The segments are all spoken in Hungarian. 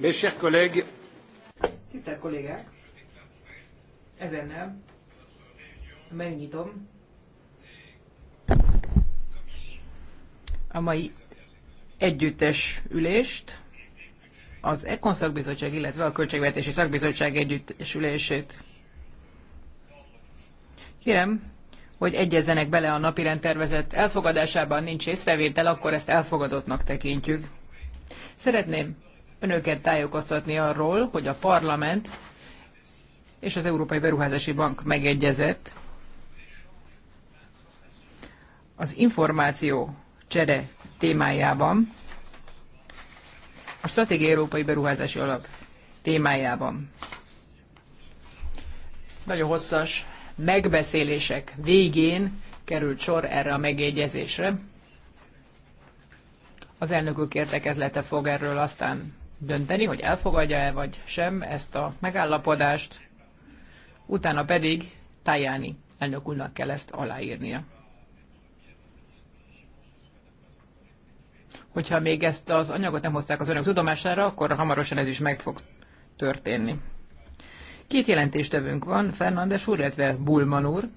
Tisztelt kollégák, ezennel megnyitom a mai együttes ülést, az ECON szakbizottság, illetve a Költségvetési Szakbizottság együttes ülését. Kérem, hogy egyezzenek bele a napirend tervezett elfogadásában, nincs észrevétel, akkor ezt elfogadottnak tekintjük. Szeretném önöket tájékoztatni arról, hogy a parlament és az Európai Beruházási Bank megegyezett az információ csere témájában, a Stratégiai Európai Beruházási Alap témájában. Nagyon hosszas megbeszélések végén került sor erre a megegyezésre. Az elnökök értekezlete fog erről aztán dönteni, hogy elfogadja-e vagy sem ezt a megállapodást, utána pedig Tajani elnök úrnak kell ezt aláírnia. Hogyha még ezt az anyagot nem hozták az önök tudomására, akkor hamarosan ez is meg fog történni. Két jelentéstevünk van, Fernandes úr, illetve Bulman úr.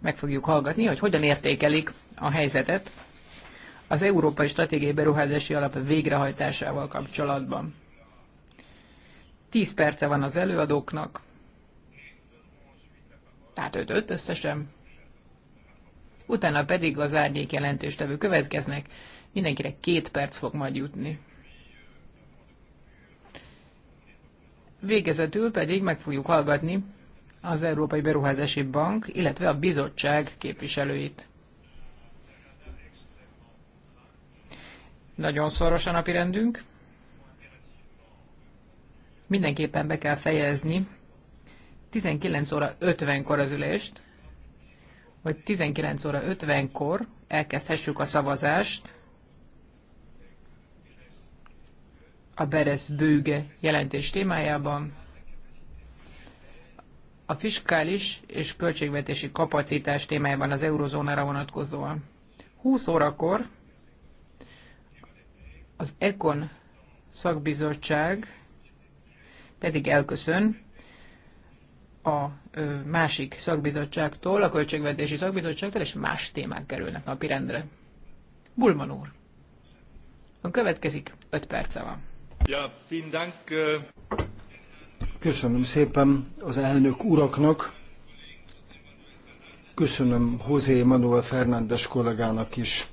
Meg fogjuk hallgatni, hogy hogyan értékelik a helyzetet az Európai Stratégiai Beruházási Alap végrehajtásával kapcsolatban. Tíz perce van az előadóknak, tehát öt, öt összesen. Utána pedig az árnyék jelentéstevő következnek, mindenkinek két perc fog majd jutni. Végezetül pedig meg fogjuk hallgatni az Európai Beruházási Bank, illetve a bizottság képviselőit. nagyon szoros a napi rendünk. Mindenképpen be kell fejezni 19 óra 50-kor az ülést, hogy 19 óra 50-kor elkezdhessük a szavazást a Beres bőge jelentés témájában. A fiskális és költségvetési kapacitás témájában az eurozónára vonatkozóan. 20 órakor az ECON szakbizottság pedig elköszön a másik szakbizottságtól, a költségvetési szakbizottságtól, és más témák kerülnek napirendre. Bulman úr. A következik 5 perce van. Ja, vielen Dank. Köszönöm szépen az elnök uraknak. Köszönöm José Manuel Fernández kollégának is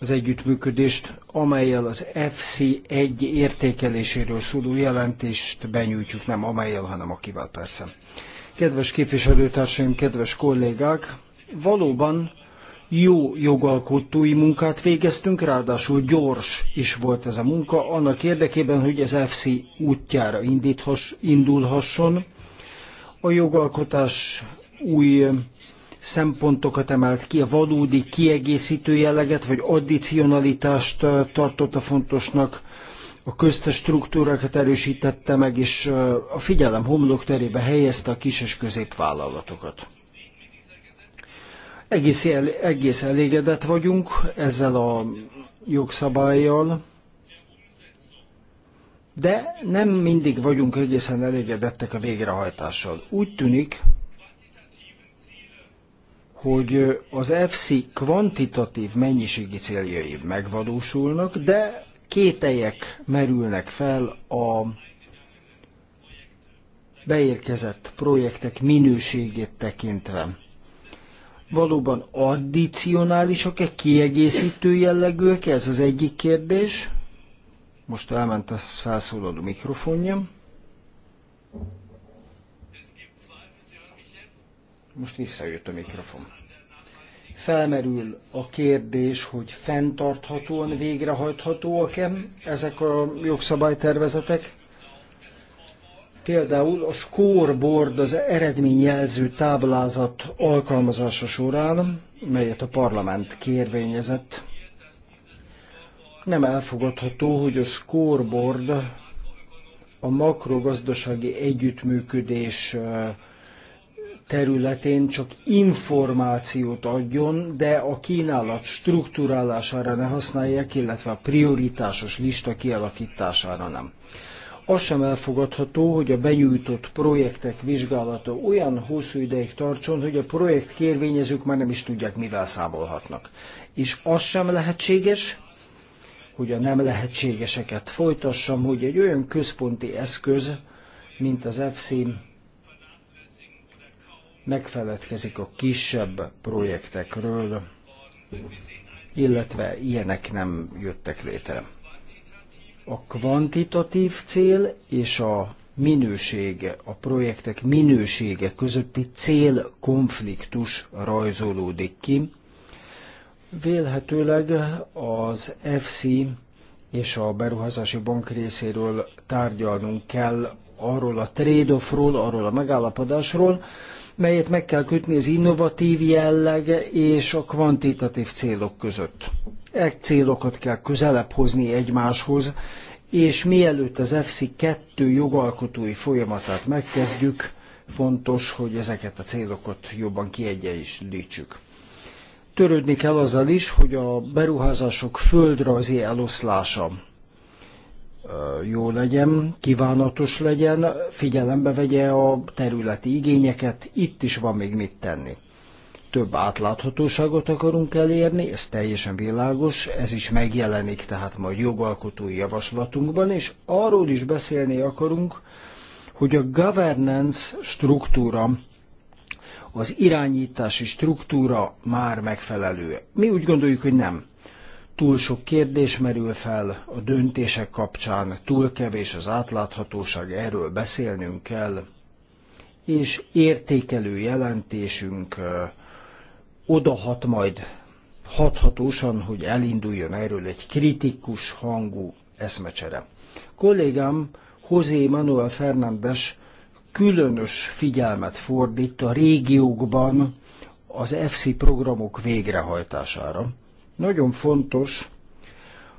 az együttműködést, amelyel az FC1 értékeléséről szóló jelentést benyújtjuk, nem amelyel, hanem akivel persze. Kedves képviselőtársaim, kedves kollégák, valóban jó jogalkotói munkát végeztünk, ráadásul gyors is volt ez a munka, annak érdekében, hogy az FC útjára indulhasson. A jogalkotás új szempontokat emelt ki, a valódi kiegészítő jelleget vagy addicionalitást tartotta fontosnak, a köztes struktúrákat erősítette meg, és a figyelem homlok terébe helyezte a kis és középvállalatokat. Egész, el, egész elégedett vagyunk ezzel a jogszabályjal, de nem mindig vagyunk egészen elégedettek a végrehajtással. Úgy tűnik, hogy az FC kvantitatív mennyiségi céljai megvalósulnak, de kételyek merülnek fel a beérkezett projektek minőségét tekintve. Valóban addicionálisak-e, kiegészítő jellegűek? Ez az egyik kérdés. Most elment a felszólaló mikrofonja. Most visszajött a mikrofon. Felmerül a kérdés, hogy fenntarthatóan végrehajthatóak-e ezek a jogszabálytervezetek? Például a scoreboard, az eredményjelző táblázat alkalmazása során, melyet a parlament kérvényezett, nem elfogadható, hogy a scoreboard a makrogazdasági együttműködés területén csak információt adjon, de a kínálat struktúrálására ne használják, illetve a prioritásos lista kialakítására nem. Az sem elfogadható, hogy a benyújtott projektek vizsgálata olyan hosszú ideig tartson, hogy a projekt kérvényezők már nem is tudják, mivel számolhatnak. És az sem lehetséges, hogy a nem lehetségeseket folytassam, hogy egy olyan központi eszköz, mint az EFSZIM megfeledkezik a kisebb projektekről, illetve ilyenek nem jöttek létre. A kvantitatív cél és a minősége, a projektek minősége közötti célkonfliktus rajzolódik ki. Vélhetőleg az FC és a Beruházási Bank részéről tárgyalnunk kell arról a trade ról arról a megállapodásról, melyet meg kell kötni az innovatív jelleg és a kvantitatív célok között. E célokat kell közelebb hozni egymáshoz, és mielőtt az EFSI 2 jogalkotói folyamatát megkezdjük, fontos, hogy ezeket a célokat jobban kiegyenlítsük. Törődni kell azzal is, hogy a beruházások földrajzi eloszlása jó legyen, kívánatos legyen, figyelembe vegye a területi igényeket, itt is van még mit tenni. Több átláthatóságot akarunk elérni, ez teljesen világos, ez is megjelenik tehát majd jogalkotói javaslatunkban, és arról is beszélni akarunk, hogy a governance struktúra, az irányítási struktúra már megfelelő. Mi úgy gondoljuk, hogy nem túl sok kérdés merül fel a döntések kapcsán, túl kevés az átláthatóság, erről beszélnünk kell, és értékelő jelentésünk odahat majd hathatósan, hogy elinduljon erről egy kritikus hangú eszmecsere. Kollégám José Manuel Fernández különös figyelmet fordít a régiókban az FC programok végrehajtására nagyon fontos,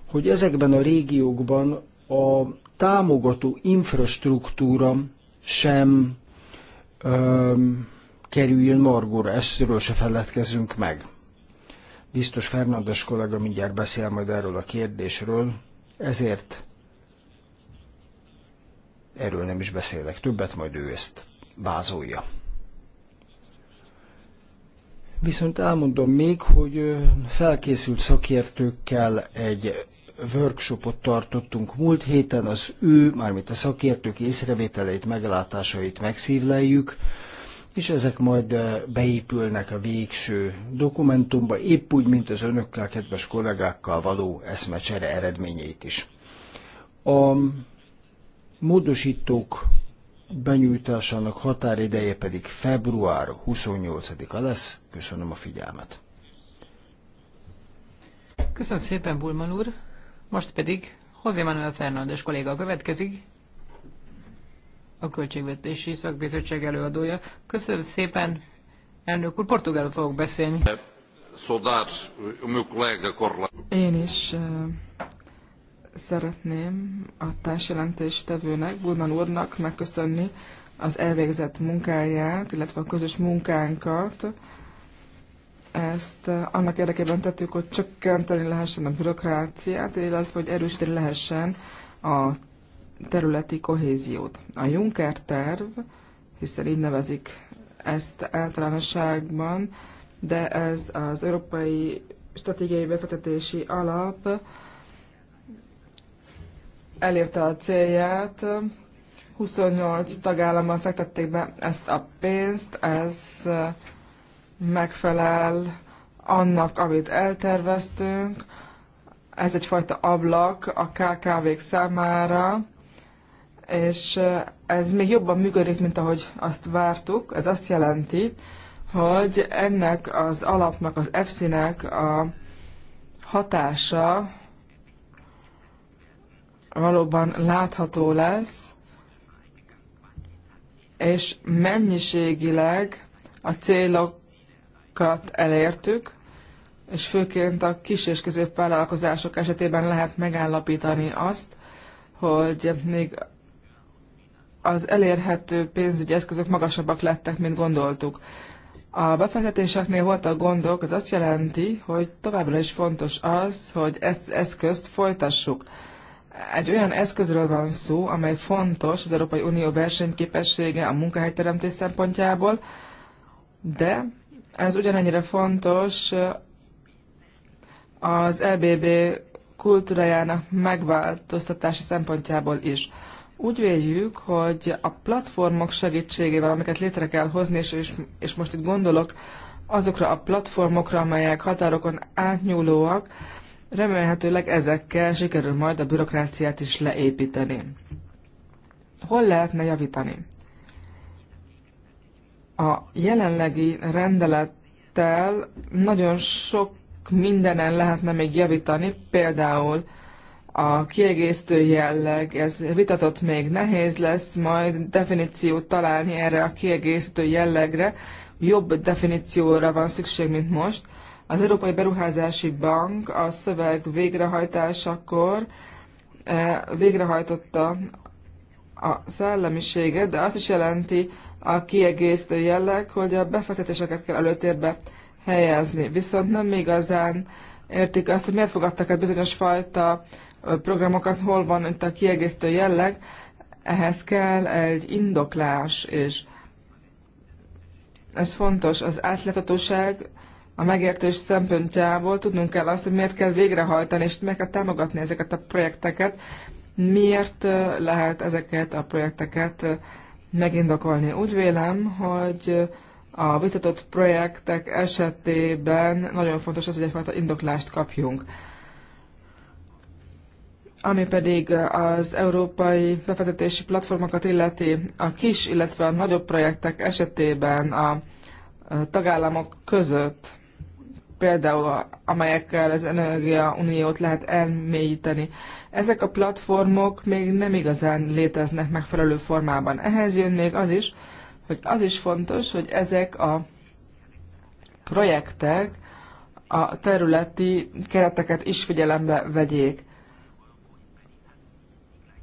hogy ezekben a régiókban a támogató infrastruktúra sem ö, kerüljön margóra, ezről se feledkezzünk meg. Biztos Fernandes kollega mindjárt beszél majd erről a kérdésről, ezért erről nem is beszélek többet, majd ő ezt vázolja. Viszont elmondom még, hogy felkészült szakértőkkel egy workshopot tartottunk múlt héten, az ő, mármint a szakértők észrevételeit, meglátásait megszívleljük, és ezek majd beépülnek a végső dokumentumba, épp úgy, mint az önökkel, kedves kollégákkal való eszmecsere eredményeit is. A módosítók benyújtásának határideje pedig február 28-a lesz. Köszönöm a figyelmet. Köszönöm szépen, Bulman úr. Most pedig José Manuel Fernández kolléga következik, a Költségvetési Szakbizottság előadója. Köszönöm szépen, elnök úr, portugálul fogok beszélni. Én is eh, szeretném a társjelentéstevőnek, Bulman úrnak megköszönni az elvégzett munkáját, illetve a közös munkánkat. Ezt eh, annak érdekében tettük, hogy csökkenteni lehessen a bürokráciát, illetve hogy erősíteni lehessen a területi kohéziót. A Juncker terv, hiszen így nevezik ezt általánosságban, de ez az Európai Stratégiai Befektetési Alap, elérte a célját. 28 tagállammal fektették be ezt a pénzt, ez megfelel annak, amit elterveztünk. Ez egyfajta ablak a KKV-k számára, és ez még jobban működik, mint ahogy azt vártuk. Ez azt jelenti, hogy ennek az alapnak, az efsi nek a hatása valóban látható lesz, és mennyiségileg a célokat elértük, és főként a kis és középvállalkozások esetében lehet megállapítani azt, hogy még az elérhető pénzügyi eszközök magasabbak lettek, mint gondoltuk. A befektetéseknél voltak gondok, ez azt jelenti, hogy továbbra is fontos az, hogy ezt eszközt folytassuk egy olyan eszközről van szó, amely fontos az Európai Unió versenyképessége a munkahelyteremtés szempontjából, de ez ugyanennyire fontos eh, az EBB kultúrájának megváltoztatása szempontjából is. Úgy véljük, hogy a platformok segítségével, amiket létre kell hozni, és, és most itt gondolok azokra a platformokra, amelyek határokon átnyúlóak, Remélhetőleg ezekkel sikerül majd a bürokráciát is leépíteni. Hol lehetne javítani? A jelenlegi rendelettel nagyon sok mindenen lehetne még javítani, például a kiegészítő jelleg, ez vitatott még nehéz lesz, majd definíciót találni erre a kiegészítő jellegre, jobb definícióra van szükség, mint most – az Európai Beruházási Bank a szöveg végrehajtásakor eh, végrehajtotta a szellemiséget, de azt is jelenti a kiegészítő jelleg, hogy a befektetéseket kell előtérbe helyezni. Viszont nem igazán értik azt, hogy miért fogadtak el bizonyos fajta programokat, hol van itt a kiegészítő jelleg, ehhez kell egy indoklás, és ez fontos, az átláthatóság a megértés szempontjából tudnunk kell azt, hogy miért kell végrehajtani, és meg kell támogatni ezeket a projekteket, miért lehet ezeket a projekteket megindokolni. Úgy vélem, hogy a vitatott projektek esetében nagyon fontos az, hogy egyfajta indoklást kapjunk. Ami pedig az európai befektetési platformokat illeti, a kis, illetve a nagyobb projektek esetében a tagállamok között például amelyekkel az Energia Uniót lehet elmélyíteni. Ezek a platformok még nem igazán léteznek megfelelő formában. Ehhez jön még az is, hogy az is fontos, hogy ezek a projektek a területi kereteket is figyelembe vegyék.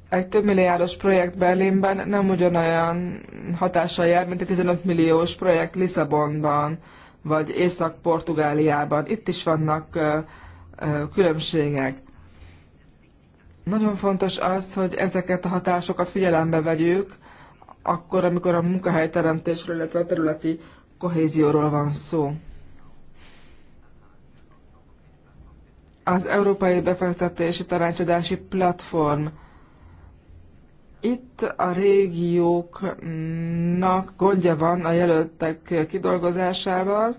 Egy több milliárdos projekt Berlinben nem ugyanolyan hatással jár, mint egy 15 milliós projekt Lisszabonban vagy Észak-Portugáliában. Itt is vannak különbségek. Nagyon fontos az, hogy ezeket a hatásokat figyelembe vegyük, akkor, amikor a munkahelyteremtésről, illetve a területi kohézióról van szó. Az Európai Befektetési Tanácsadási Platform itt a régióknak gondja van a jelöltek kidolgozásával,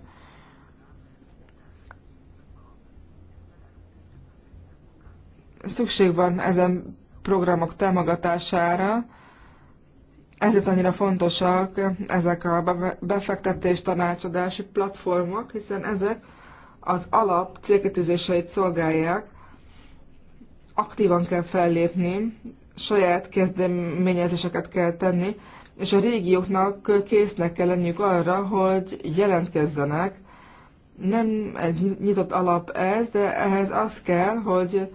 szükség van ezen programok támogatására, ezért annyira fontosak ezek a befektetés tanácsadási platformok, hiszen ezek az alap célkitűzéseit szolgálják, aktívan kell fellépni saját kezdeményezéseket kell tenni, és a régióknak késznek kell lenniük arra, hogy jelentkezzenek. Nem egy nyitott alap ez, de ehhez az kell, hogy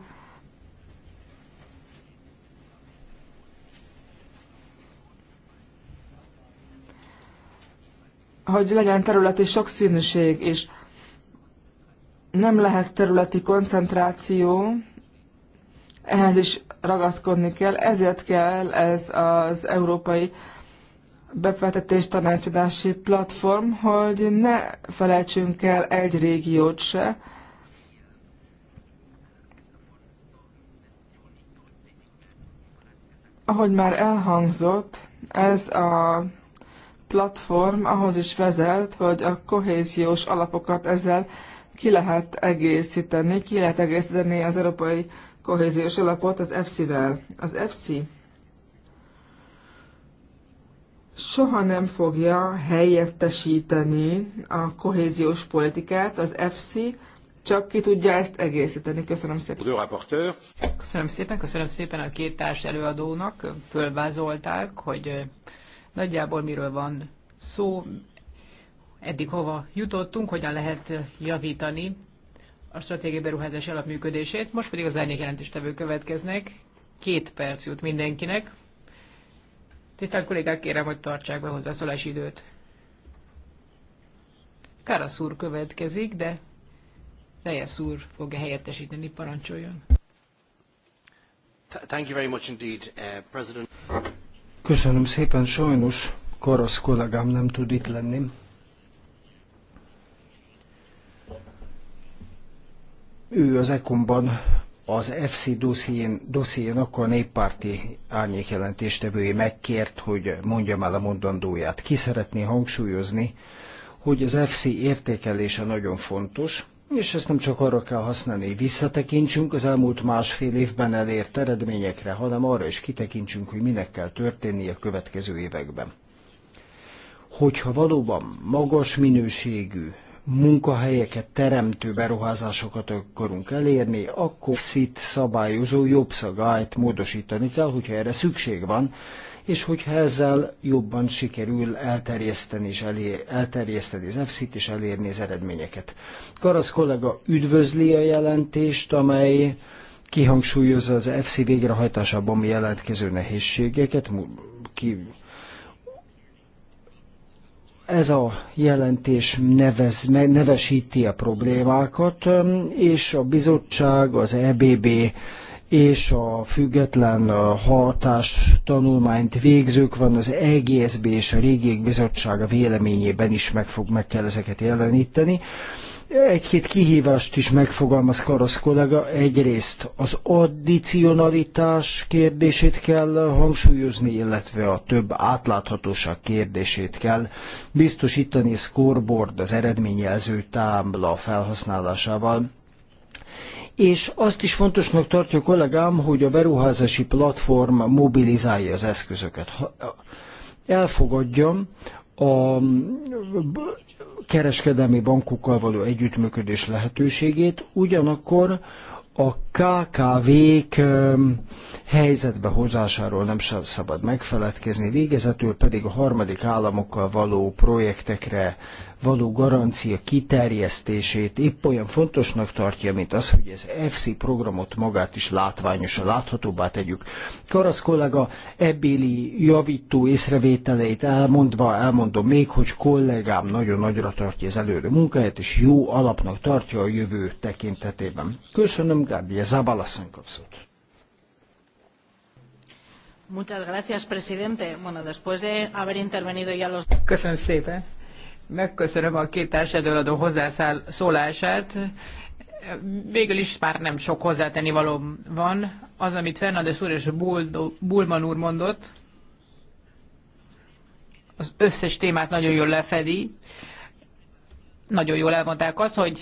hogy legyen területi sokszínűség is. Nem lehet területi koncentráció, ehhez is ragaszkodni kell, ezért kell ez az európai befektetés tanácsadási platform, hogy ne felejtsünk el egy régiót se, ahogy már elhangzott, ez a platform ahhoz is vezet, hogy a kohéziós alapokat ezzel ki lehet egészíteni, ki lehet egészíteni az európai kohéziós alapot az EFSI-vel. Az EFSI soha nem fogja helyettesíteni a kohéziós politikát, az EFSI csak ki tudja ezt egészíteni. Köszönöm szépen. Köszönöm szépen, köszönöm szépen a két társ előadónak. Fölvázolták, hogy nagyjából miről van szó, eddig hova jutottunk, hogyan lehet javítani a stratégiai beruházás alapműködését. Most pedig az jelentéstevő következnek. Két perc jut mindenkinek. Tisztelt kollégák, kérem, hogy tartsák be hozzászólási időt. Karasz úr következik, de Reyes úr fogja helyettesíteni, parancsoljon. Thank you very much indeed, uh, President. Köszönöm szépen, sajnos Karasz kollégám nem tud itt lenni, Ő az ECOM-ban az FC dosszién, akkor a néppárti árnyékjelentéstevője megkért, hogy mondjam el a mondandóját. Ki szeretné hangsúlyozni, hogy az FC értékelése nagyon fontos, és ezt nem csak arra kell használni, hogy visszatekintsünk az elmúlt másfél évben elért eredményekre, hanem arra is kitekintsünk, hogy minek kell történnie a következő években. Hogyha valóban magas minőségű munkahelyeket teremtő beruházásokat akarunk elérni, akkor szit szabályozó jogszabályt módosítani kell, hogyha erre szükség van, és hogyha ezzel jobban sikerül elterjeszteni, és elé, elterjeszteni az EFSZ-t és elérni az eredményeket. Karasz kollega üdvözli a jelentést, amely kihangsúlyozza az EFSZ végrehajtásában jelentkező nehézségeket, ki ez a jelentés nevez, nevesíti a problémákat, és a bizottság, az EBB és a független hatás tanulmányt végzők van, az EGSB és a Régiek Bizottsága véleményében is meg, fog, meg kell ezeket jeleníteni egy-két kihívást is megfogalmaz Karasz kollega. Egyrészt az addicionalitás kérdését kell hangsúlyozni, illetve a több átláthatóság kérdését kell biztosítani scoreboard, az eredményjelző tábla felhasználásával. És azt is fontosnak tartja a kollégám, hogy a beruházási platform mobilizálja az eszközöket. Elfogadjam, a kereskedelmi bankokkal való együttműködés lehetőségét, ugyanakkor a KKV-k helyzetbe hozásáról nem szabad megfeledkezni, végezetül pedig a harmadik államokkal való projektekre való garancia kiterjesztését épp olyan fontosnak tartja, mint az, hogy az FC programot magát is látványosan, láthatóbbá tegyük. Karasz kollega ebbéli javító észrevételeit elmondva elmondom még, hogy kollégám nagyon nagyra tartja az előre munkáját, és jó alapnak tartja a jövő tekintetében. Köszönöm, Gárdi, ez Zabalasszony Muchas gracias, presidente. Bueno, después de haber intervenido ya los... Köszönöm szépen. Megköszönöm a két társadalmadó hozzászólását. Végül is már nem sok hozzátenni való van. Az, amit Fernandes úr és Bulman úr mondott, az összes témát nagyon jól lefedi. Nagyon jól elmondták azt, hogy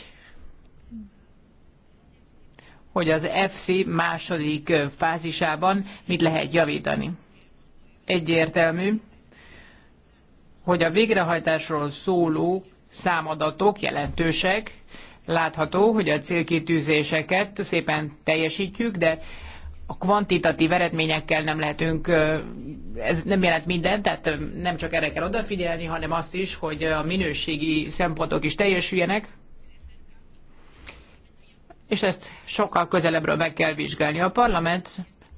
hogy az FC második fázisában mit lehet javítani. Egyértelmű, hogy a végrehajtásról szóló számadatok jelentősek. Látható, hogy a célkitűzéseket szépen teljesítjük, de a kvantitatív eredményekkel nem lehetünk, ez nem jelent mindent, tehát nem csak erre kell odafigyelni, hanem azt is, hogy a minőségi szempontok is teljesüljenek, és ezt sokkal közelebbről meg kell vizsgálni. A parlament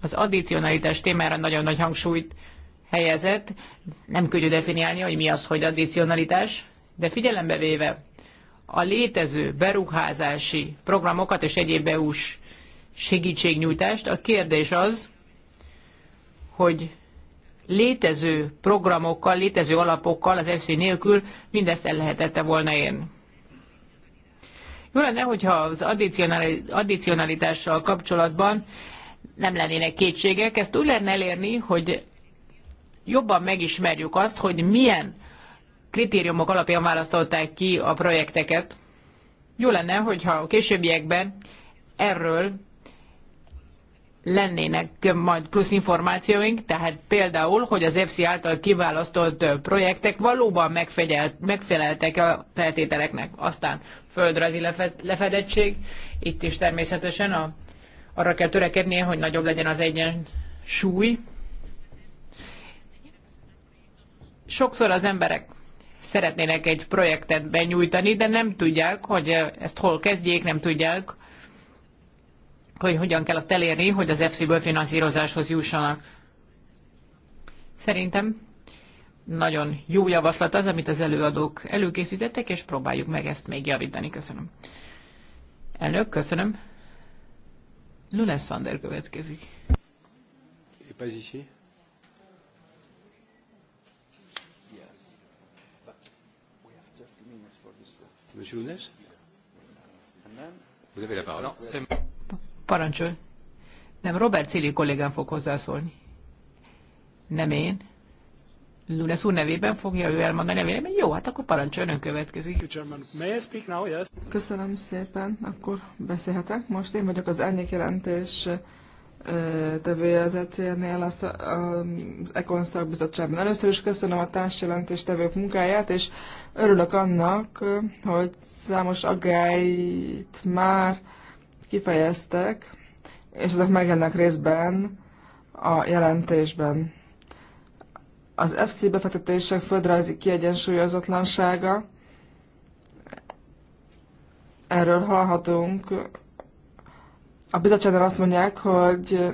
az addicionalitás témára nagyon nagy hangsúlyt helyezett. Nem könnyű definiálni, hogy mi az, hogy addicionalitás, de figyelembe véve a létező beruházási programokat és egyéb EU-s segítségnyújtást, a kérdés az, hogy létező programokkal, létező alapokkal az FC nélkül mindezt el lehetette volna érni. Jó lenne, hogyha az addicionalitással kapcsolatban nem lennének kétségek, ezt úgy lenne elérni, hogy jobban megismerjük azt, hogy milyen kritériumok alapján választották ki a projekteket. Jó lenne, hogyha a későbbiekben erről lennének majd plusz információink, tehát például, hogy az EFSI által kiválasztott projektek valóban megfegyelt, megfeleltek a feltételeknek. Aztán földrajzi lefedettség, itt is természetesen a, arra kell törekednie, hogy nagyobb legyen az egyensúly, Sokszor az emberek szeretnének egy projektet benyújtani, de nem tudják, hogy eh, ezt hol kezdjék, nem tudják, hogy hogyan kell azt elérni, hogy az FC-ből finanszírozáshoz jussanak. Szerintem nagyon jó javaslat az, amit az előadók előkészítettek, és próbáljuk meg ezt még javítani. Köszönöm. Elnök, köszönöm. Lunes Sander következik. Et pas ici. Monsieur Lounès Vous avez la parole. Parancsolj. Nem, Robert Cili kollégám fog hozzászólni. Nem én. Lunes úr nevében fogja ő elmondani a Jó, hát akkor parancsoljon, ön következik. Köszönöm szépen, akkor beszélhetek. Most én vagyok az elnyék jelentés tevője az ECR-nél az, az Econ szakbizottságban. Először is köszönöm a társjelentés tevők munkáját, és örülök annak, hogy számos aggályt már kifejeztek, és ezek megjelennek részben a jelentésben. Az FC befektetések földrajzi kiegyensúlyozatlansága, erről hallhatunk a bizottságnál azt mondják, hogy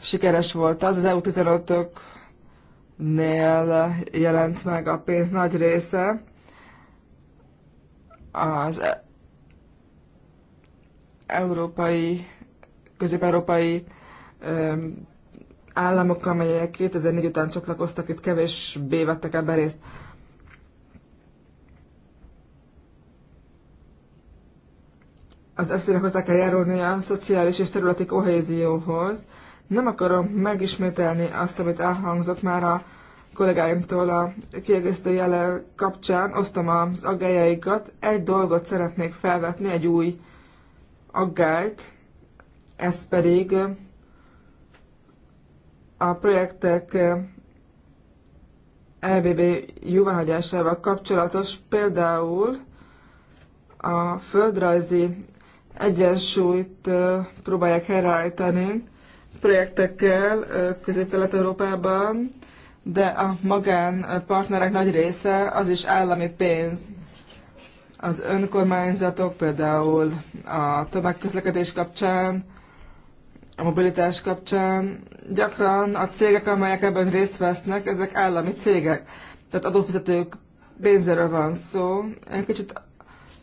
sikeres volt az, az EU-15-öknél jelent meg a pénz nagy része. Az e- európai, közép-európai államok, amelyek 2004 után csatlakoztak, itt kevésbé vettek ebben részt. az EFSZ-nek hozzá kell járulni a szociális és területi kohézióhoz. Nem akarom megismételni azt, amit elhangzott már a kollégáimtól a kiegészítő jele kapcsán, osztom az aggájaikat. Egy dolgot szeretnék felvetni, egy új aggályt, ez pedig a projektek LBB jóváhagyásával kapcsolatos, például a földrajzi egyensúlyt próbálják helyreállítani projektekkel Közép-Kelet-Európában, de a magánpartnerek nagy része az is állami pénz. Az önkormányzatok például a tömegközlekedés kapcsán, a mobilitás kapcsán gyakran a cégek, amelyek ebben részt vesznek, ezek állami cégek. Tehát adófizetők pénzéről van szó. Én kicsit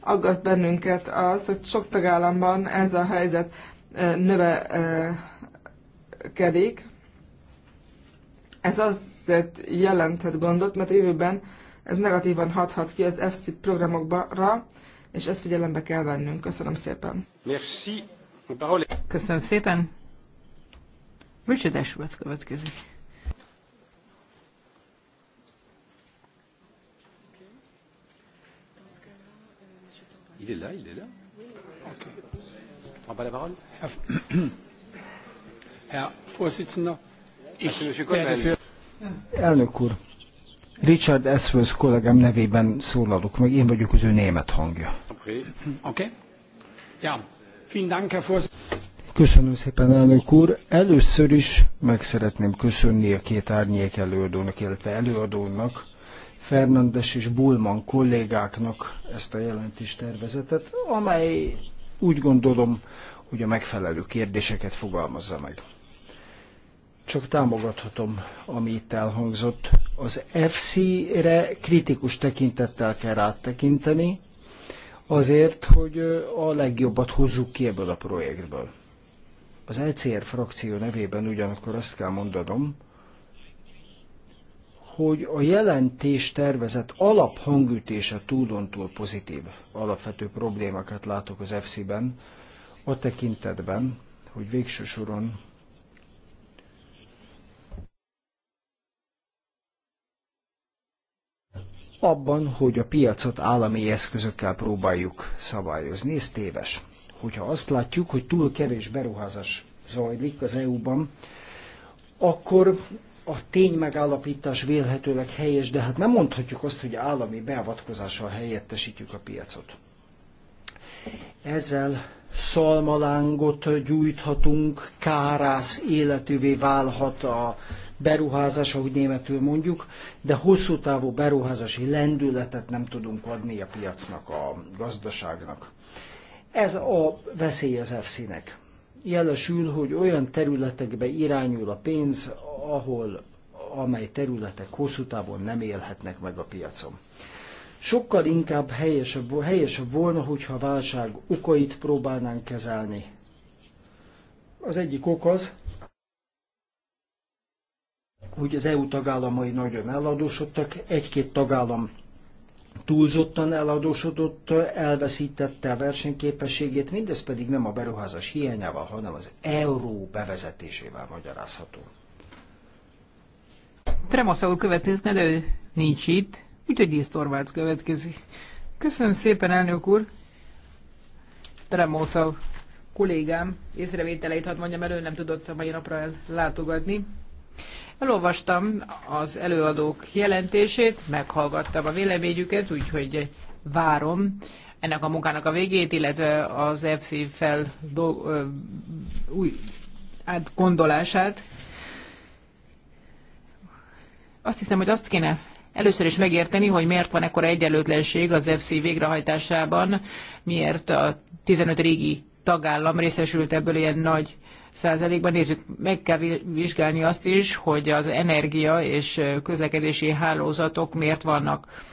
aggaszt bennünket az, hogy sok tagállamban ez a helyzet növekedik. Ez azért jelenthet gondot, mert a jövőben ez negatívan hathat ki az FC programokra, és ezt figyelembe kell vennünk. Köszönöm szépen. Merci. Köszönöm szépen. Richard Ashworth következik. Il est là, il est là. Okay. Prends pas la parole. Herr Vorsitzender, ich werde Elnök úr, Richard Ashworth kollégám nevében szólalok meg, én vagyok az ő német hangja. Oké. Okay. Ja, vielen Dank, Herr Köszönöm szépen, elnök úr. Először is meg szeretném köszönni a két árnyék előadónak, illetve előadónak Fernandes és Bulman kollégáknak ezt a tervezetet, amely úgy gondolom, hogy a megfelelő kérdéseket fogalmazza meg. Csak támogathatom, ami itt elhangzott. Az FC-re kritikus tekintettel kell áttekinteni, azért, hogy a legjobbat hozzuk ki ebből a projektből. Az LCR frakció nevében ugyanakkor azt kell mondanom, hogy a jelentés tervezett alaphangütése túlon pozitív alapvető problémákat látok az FC-ben, a tekintetben, hogy végső soron abban, hogy a piacot állami eszközökkel próbáljuk szabályozni. Ez téves. Hogyha azt látjuk, hogy túl kevés beruházás zajlik az EU-ban, akkor a tény megállapítás vélhetőleg helyes, de hát nem mondhatjuk azt, hogy állami beavatkozással helyettesítjük a piacot. Ezzel szalmalángot gyújthatunk, kárász életűvé válhat a beruházás, ahogy németül mondjuk, de hosszú távú beruházási lendületet nem tudunk adni a piacnak, a gazdaságnak. Ez a veszély az EFSZ-nek jelesül, hogy olyan területekbe irányul a pénz, ahol amely területek hosszú távon nem élhetnek meg a piacon. Sokkal inkább helyesebb, helyesebb volna, hogyha a válság okait próbálnánk kezelni. Az egyik ok az, hogy az EU tagállamai nagyon eladósodtak, egy-két tagállam túlzottan eladósodott, elveszítette a versenyképességét, mindez pedig nem a beruházás hiányával, hanem az euró bevezetésével magyarázható. Tremosza úr következne, de ő nincs itt, úgyhogy Dísztorvác következik. Köszönöm szépen, elnök úr! Tremosza kollégám észrevételeit hadd mondjam ő nem tudott a mai napra ellátogatni. Elolvastam az előadók jelentését, meghallgattam a véleményüket, úgyhogy várom ennek a munkának a végét, illetve az FC fel do, ö, új átgondolását. Azt hiszem, hogy azt kéne először is megérteni, hogy miért van ekkora egyenlőtlenség az FC végrehajtásában, miért a 15 régi tagállam részesült ebből ilyen nagy százalékban. Nézzük, meg kell vizsgálni azt is, hogy az energia és közlekedési hálózatok miért vannak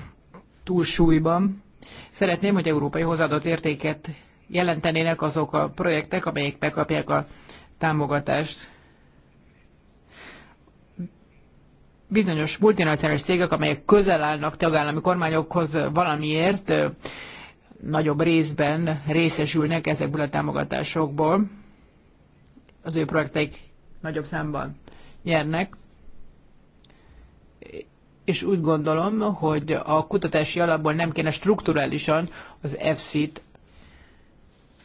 túlsúlyban. Szeretném, hogy európai hozzáadott értéket jelentenének azok a projektek, amelyek megkapják a támogatást. Bizonyos multinacionális cégek, amelyek közel állnak tagállami kormányokhoz valamiért, nagyobb részben részesülnek ezekből a támogatásokból, az ő projekteik nagyobb számban nyernek. És úgy gondolom, hogy a kutatási alapból nem kéne strukturálisan az EFSZ-t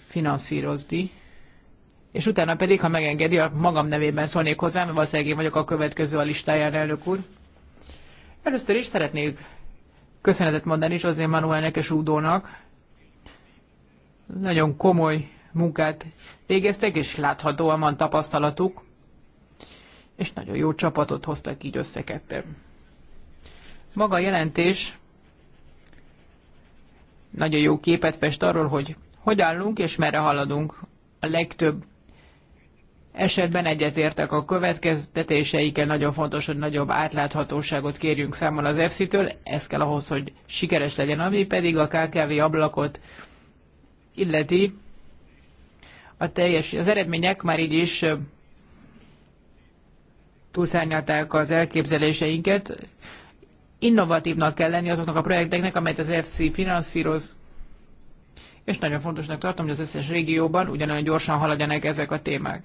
finanszírozni, és utána pedig, ha megengedi, a magam nevében szólnék hozzá, mert valószínűleg én vagyok a következő a listáján, elnök úr. Először is szeretnék köszönetet mondani is azért Manuelnek és Udónak nagyon komoly munkát végeztek, és láthatóan van tapasztalatuk, és nagyon jó csapatot hoztak így összekettem. Maga a jelentés nagyon jó képet fest arról, hogy hogy állunk és merre haladunk. A legtöbb esetben egyetértek a következtetéseikkel, nagyon fontos, hogy nagyobb átláthatóságot kérjünk számon az EFSZ-től, ez kell ahhoz, hogy sikeres legyen, ami pedig a KKV ablakot illeti, a teljes, az eredmények már így is túlszárnyalták az elképzeléseinket. Innovatívnak kell lenni azoknak a projekteknek, amelyet az FC finanszíroz, és nagyon fontosnak tartom, hogy az összes régióban ugyanolyan gyorsan haladjanak ezek a témák.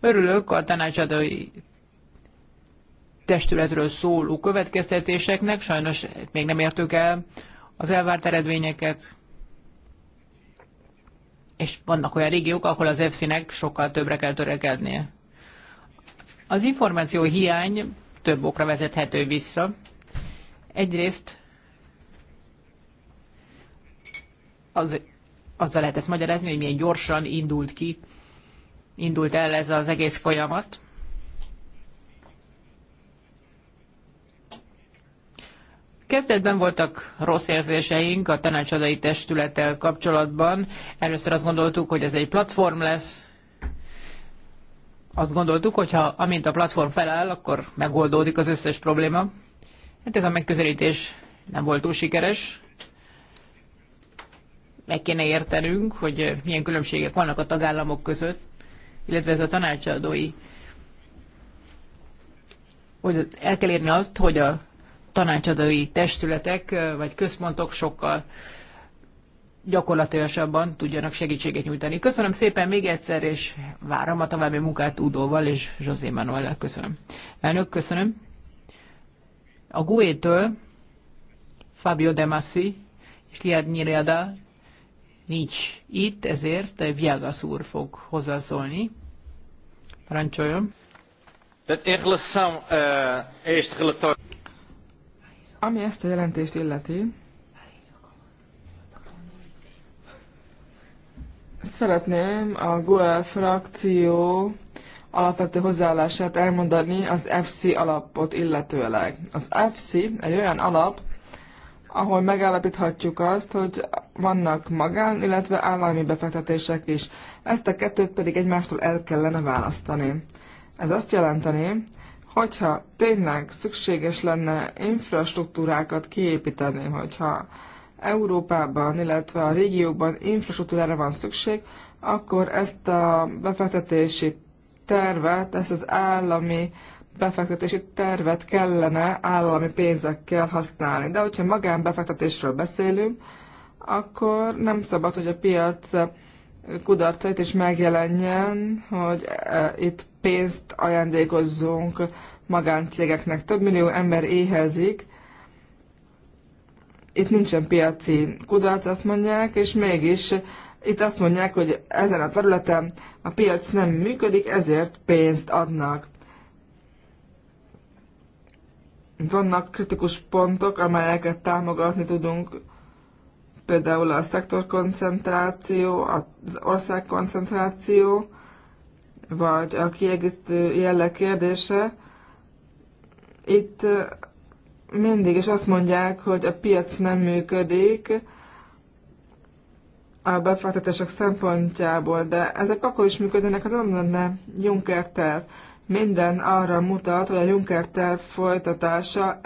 Örülök a tanácsadói testületről szóló következtetéseknek, sajnos még nem értük el az elvárt eredményeket és vannak olyan régiók, ahol az EFSZ-nek sokkal többre kell törekednie. Az információ hiány több okra vezethető vissza. Egyrészt az, azzal lehet ezt magyarázni, hogy milyen gyorsan indult ki, indult el ez az egész folyamat. Kezdetben voltak rossz érzéseink a tanácsadai testülettel kapcsolatban. Először azt gondoltuk, hogy ez egy platform lesz. Azt gondoltuk, hogy ha amint a platform feláll, akkor megoldódik az összes probléma. Hát ez a megközelítés nem volt túl sikeres. Meg kéne értenünk, hogy milyen különbségek vannak a tagállamok között, illetve ez a tanácsadói. Hogy el kell érni azt, hogy a tanácsadói testületek vagy központok sokkal gyakorlatilasabban tudjanak segítséget nyújtani. Köszönöm szépen még egyszer, és várom a további munkát Udóval és José Manuel. Köszönöm. Elnök, köszönöm. A GUE-től Fabio De Massi és Liad Nyirjada nincs itt, ezért Viagas úr fog hozzászólni. Parancsoljon. Tehát én relação eh, a este relatório... Ami ezt a jelentést illeti, szeretném a GUE frakció alapvető hozzáállását elmondani az FC alapot illetőleg. Az FC egy olyan alap, ahol megállapíthatjuk azt, hogy vannak magán, illetve állami befektetések is. Ezt a kettőt pedig egymástól el kellene választani. Ez azt jelenteni, Hogyha tényleg szükséges lenne infrastruktúrákat kiépíteni, hogyha Európában, illetve a régióban infrastruktúrára van szükség, akkor ezt a befektetési tervet, ezt az állami befektetési tervet kellene állami pénzekkel használni. De hogyha magánbefektetésről beszélünk, akkor nem szabad, hogy a piac kudarcait is megjelenjen, hogy e, itt pénzt ajándékozzunk magáncégeknek. Több millió ember éhezik, itt nincsen piaci kudarc, azt mondják, és mégis itt azt mondják, hogy ezen a területen a piac nem működik, ezért pénzt adnak. Vannak kritikus pontok, amelyeket támogatni tudunk, például a szektorkoncentráció, az országkoncentráció, vagy a kiegészítő jelleg kérdése, itt mindig is azt mondják, hogy a piac nem működik a befektetések szempontjából, de ezek akkor is működnek, ha nem lenne Juncker terv. Minden arra mutat, hogy a Juncker terv folytatása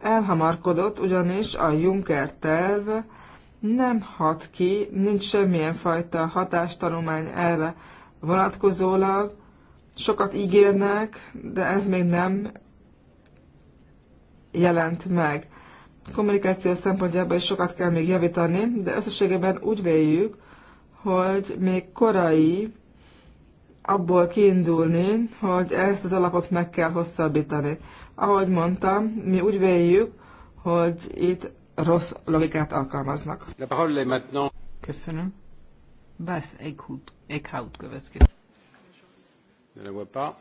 elhamarkodott, ugyanis a Juncker terv nem hat ki, nincs semmilyen fajta hatástanulmány erre vonatkozólag. Sokat ígérnek, de ez még nem jelent meg. Kommunikáció szempontjából is sokat kell még javítani, de összességében úgy véljük, hogy még korai abból kiindulni, hogy ezt az alapot meg kell hosszabbítani. Ahogy mondtam, mi úgy véljük, hogy itt rossz logikát alkalmaznak. Köszönöm. Bas Eichhout, Eichhout következik. Ne la vois pas.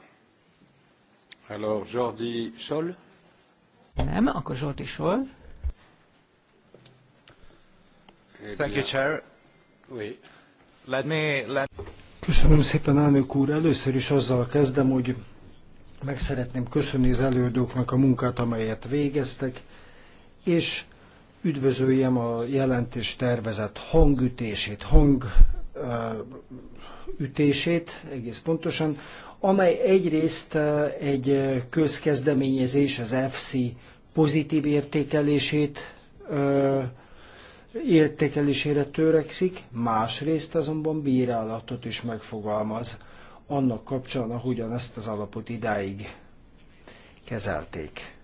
Alors Jordi Scholl. Nem, akkor Jordi Scholl. Eh Thank you, Chair. Oui. Let me, let... Köszönöm szépen, elnök úr. Először is azzal kezdem, hogy meg szeretném köszönni az előadóknak a munkát, amelyet végeztek, és üdvözöljem a jelentés tervezett hangütését, hang ütését, egész pontosan, amely egyrészt egy közkezdeményezés, az FC pozitív értékelését értékelésére törekszik, másrészt azonban bírálatot is megfogalmaz annak kapcsán, ahogyan ezt az alapot idáig kezelték.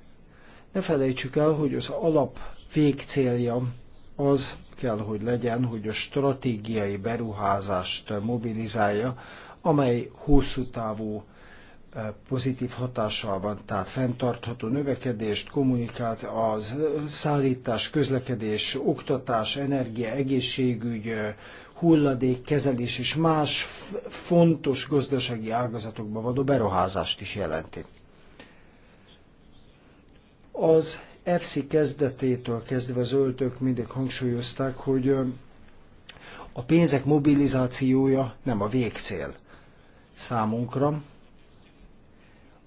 Ne felejtsük el, hogy az alap végcélja az, kell, hogy legyen, hogy a stratégiai beruházást mobilizálja, amely hosszú távú eh, pozitív hatással van, tehát fenntartható növekedést, kommunikált az szállítás, közlekedés, oktatás, energia, egészségügy, eh, hulladék, kezelés és más fontos gazdasági ágazatokba való beruházást is jelenti. Az EFSI kezdetétől kezdve zöldök mindig hangsúlyozták, hogy a pénzek mobilizációja nem a végcél számunkra,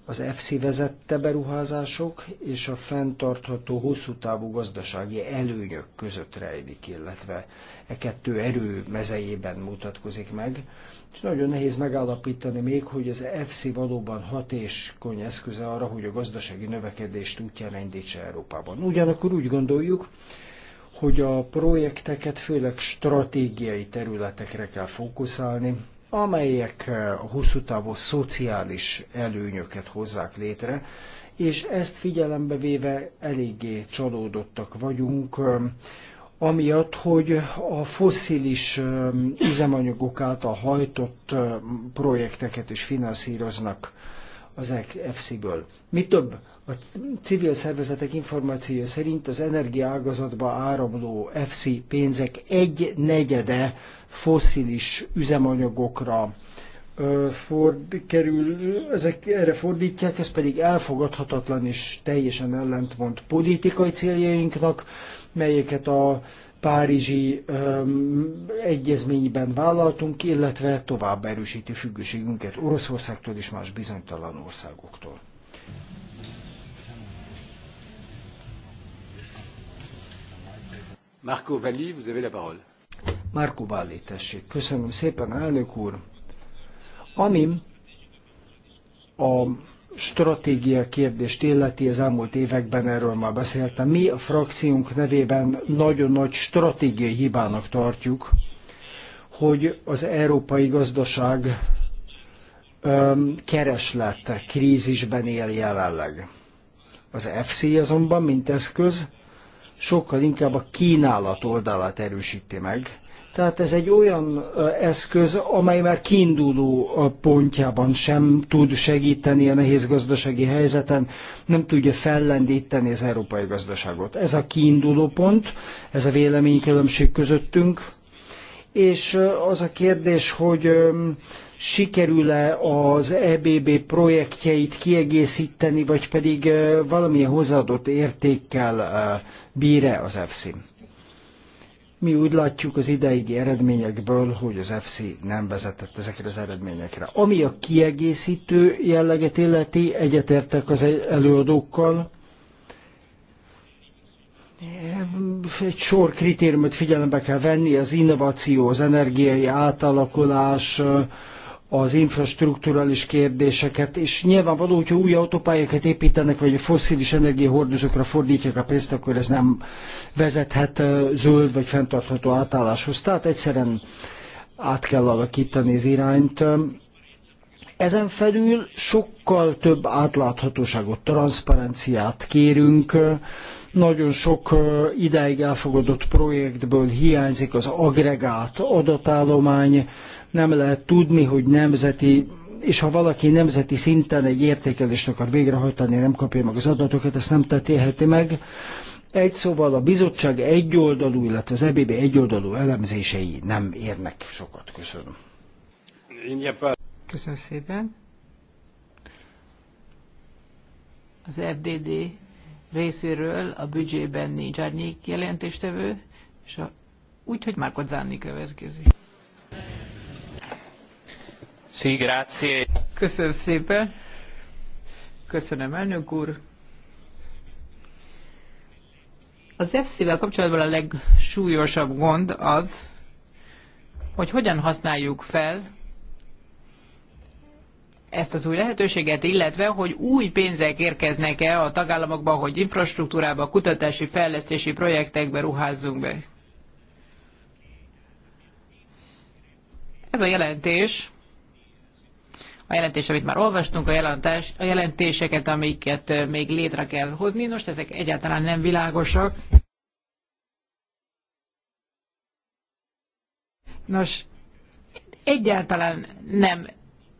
az EFSI vezette beruházások és a fenntartható hosszú távú gazdasági előnyök között rejlik, illetve e kettő erő mezejében mutatkozik meg. És nagyon nehéz megállapítani még, hogy az EFSI valóban hatékony eszköze arra, hogy a gazdasági növekedést útján indítsa Európában. Ugyanakkor úgy gondoljuk, hogy a projekteket főleg stratégiai területekre kell fókuszálni, amelyek eh, a hosszú távú szociális előnyöket hozzák létre, és ezt figyelembe véve eléggé csalódottak vagyunk, eh, amiatt, hogy a foszilis eh, üzemanyagok által hajtott projekteket is finanszíroznak az EFSZ-ből. Mi több, a civil szervezetek információja szerint az energiaágazatba áramló FC pénzek egy negyede fosszilis üzemanyagokra ford, kerül, ezek erre fordítják, ez pedig elfogadhatatlan és teljesen ellentmond politikai céljainknak, melyeket a Párizsi um, egyezményben vállaltunk, illetve tovább erősíti függőségünket Oroszországtól és más bizonytalan országoktól. Marco Valli, vous avez la parole. Marco Valli, tessék. Köszönöm szépen, elnök úr. Ami a stratégia kérdést illeti, az elmúlt években erről már beszéltem. Mi a frakciónk nevében nagyon nagy stratégiai hibának tartjuk, hogy az európai gazdaság kereslet krízisben él jelenleg. Az FC azonban, mint eszköz, sokkal inkább a kínálat oldalát erősíti meg, tehát ez egy olyan eszköz, amely már kiinduló pontjában sem tud segíteni a nehéz gazdasági helyzeten, nem tudja fellendíteni az európai gazdaságot. Ez a kiinduló pont, ez a véleménykülönbség közöttünk, és az a kérdés, hogy sikerül-e az EBB projektjeit kiegészíteni, vagy pedig valamilyen hozzáadott értékkel bír-e az EFSZIM? Mi úgy látjuk az ideigi eredményekből, hogy az FC nem vezetett ezekre az eredményekre. Ami a kiegészítő jelleget illeti, egyetértek az előadókkal, egy sor kritériumot figyelembe kell venni, az innováció, az energiai átalakulás, az infrastruktúrális kérdéseket, és nyilvánvaló, hogyha új autópályákat építenek, vagy a fosszilis energiahordozókra fordítják a pénzt, akkor ez nem vezethet zöld vagy fenntartható átálláshoz. Tehát egyszerűen át kell alakítani az irányt. Ezen felül sokkal több átláthatóságot, transzparenciát kérünk. Nagyon sok ideig elfogadott projektből hiányzik az agregát adatállomány, nem lehet tudni, hogy nemzeti és ha valaki nemzeti szinten egy értékelést akar végrehajtani, nem kapja meg az adatokat, ezt nem tetélheti meg. Egy szóval a bizottság egyoldalú, illetve az EBB egyoldalú elemzései nem érnek sokat. Köszönöm. Köszönöm szépen. Az FDD részéről a büdzsében nincs árnyék jelentéstevő, és a, úgy, hogy következik. Sí, grazie. Köszönöm szépen. Köszönöm, elnök úr. Az FC-vel kapcsolatban a legsúlyosabb gond az, hogy hogyan használjuk fel ezt az új lehetőséget, illetve hogy új pénzek érkeznek-e a tagállamokba, hogy infrastruktúrába, kutatási, fejlesztési projektekbe ruházzunk be. Ez a jelentés a jelentés, amit már olvastunk, a, jelentés, a jelentéseket, amiket még létre kell hozni. Most ezek egyáltalán nem világosak. Nos, egyáltalán nem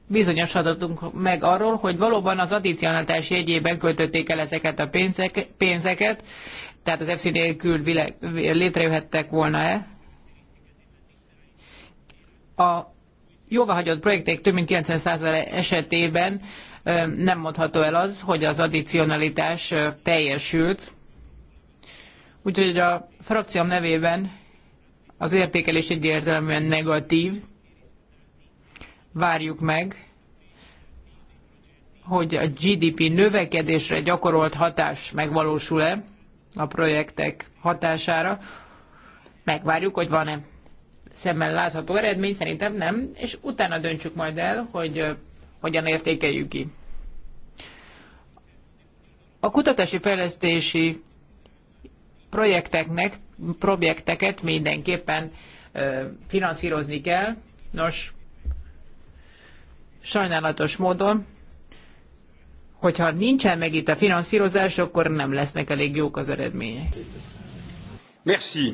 bizonyosodottunk meg arról, hogy valóban az addicionalitás jegyében költötték el ezeket a pénzek, pénzeket, tehát az EFSZ nélkül létrejöhettek volna-e. A jóváhagyott projektek több mint 90% esetében nem mondható el az, hogy az addicionalitás teljesült. Úgyhogy a frakcióm nevében az értékelés egyértelműen negatív. Várjuk meg, hogy a GDP növekedésre gyakorolt hatás megvalósul-e a projektek hatására. Megvárjuk, hogy van-e szemmel látható eredmény, szerintem nem, és utána döntsük majd el, hogy hogyan értékeljük ki. A kutatási fejlesztési projekteknek, projekteket mindenképpen finanszírozni kell. Nos, sajnálatos módon, hogyha nincsen meg itt a finanszírozás, akkor nem lesznek elég jók az eredmények. Merci.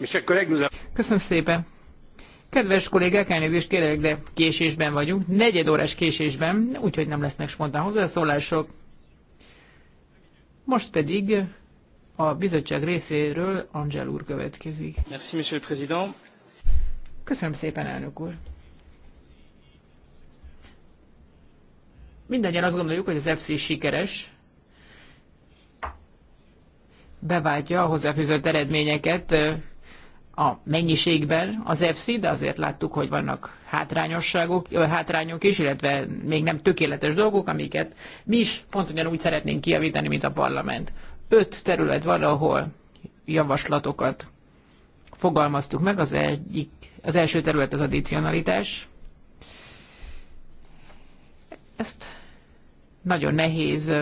Mes chers collègues, nous avons... Köszönöm szépen. Kedves kollégák, elnézést kérek, de késésben vagyunk, negyed órás késésben, úgyhogy nem lesznek spontán hozzászólások. Most pedig a bizottság részéről Angel úr következik. Merci, monsieur le président. Köszönöm szépen, elnök úr. Mindannyian azt gondoljuk, hogy az FC sikeres, beváltja a hozzáfűzött eredményeket a mennyiségben az FC, de azért láttuk, hogy vannak hátrányosságok, hátrányok is, illetve még nem tökéletes dolgok, amiket mi is pont ugyanúgy szeretnénk kiavítani, mint a parlament. Öt terület van, ahol javaslatokat fogalmaztuk meg, az, egyik, az első terület az addicionalitás. Ezt nagyon nehéz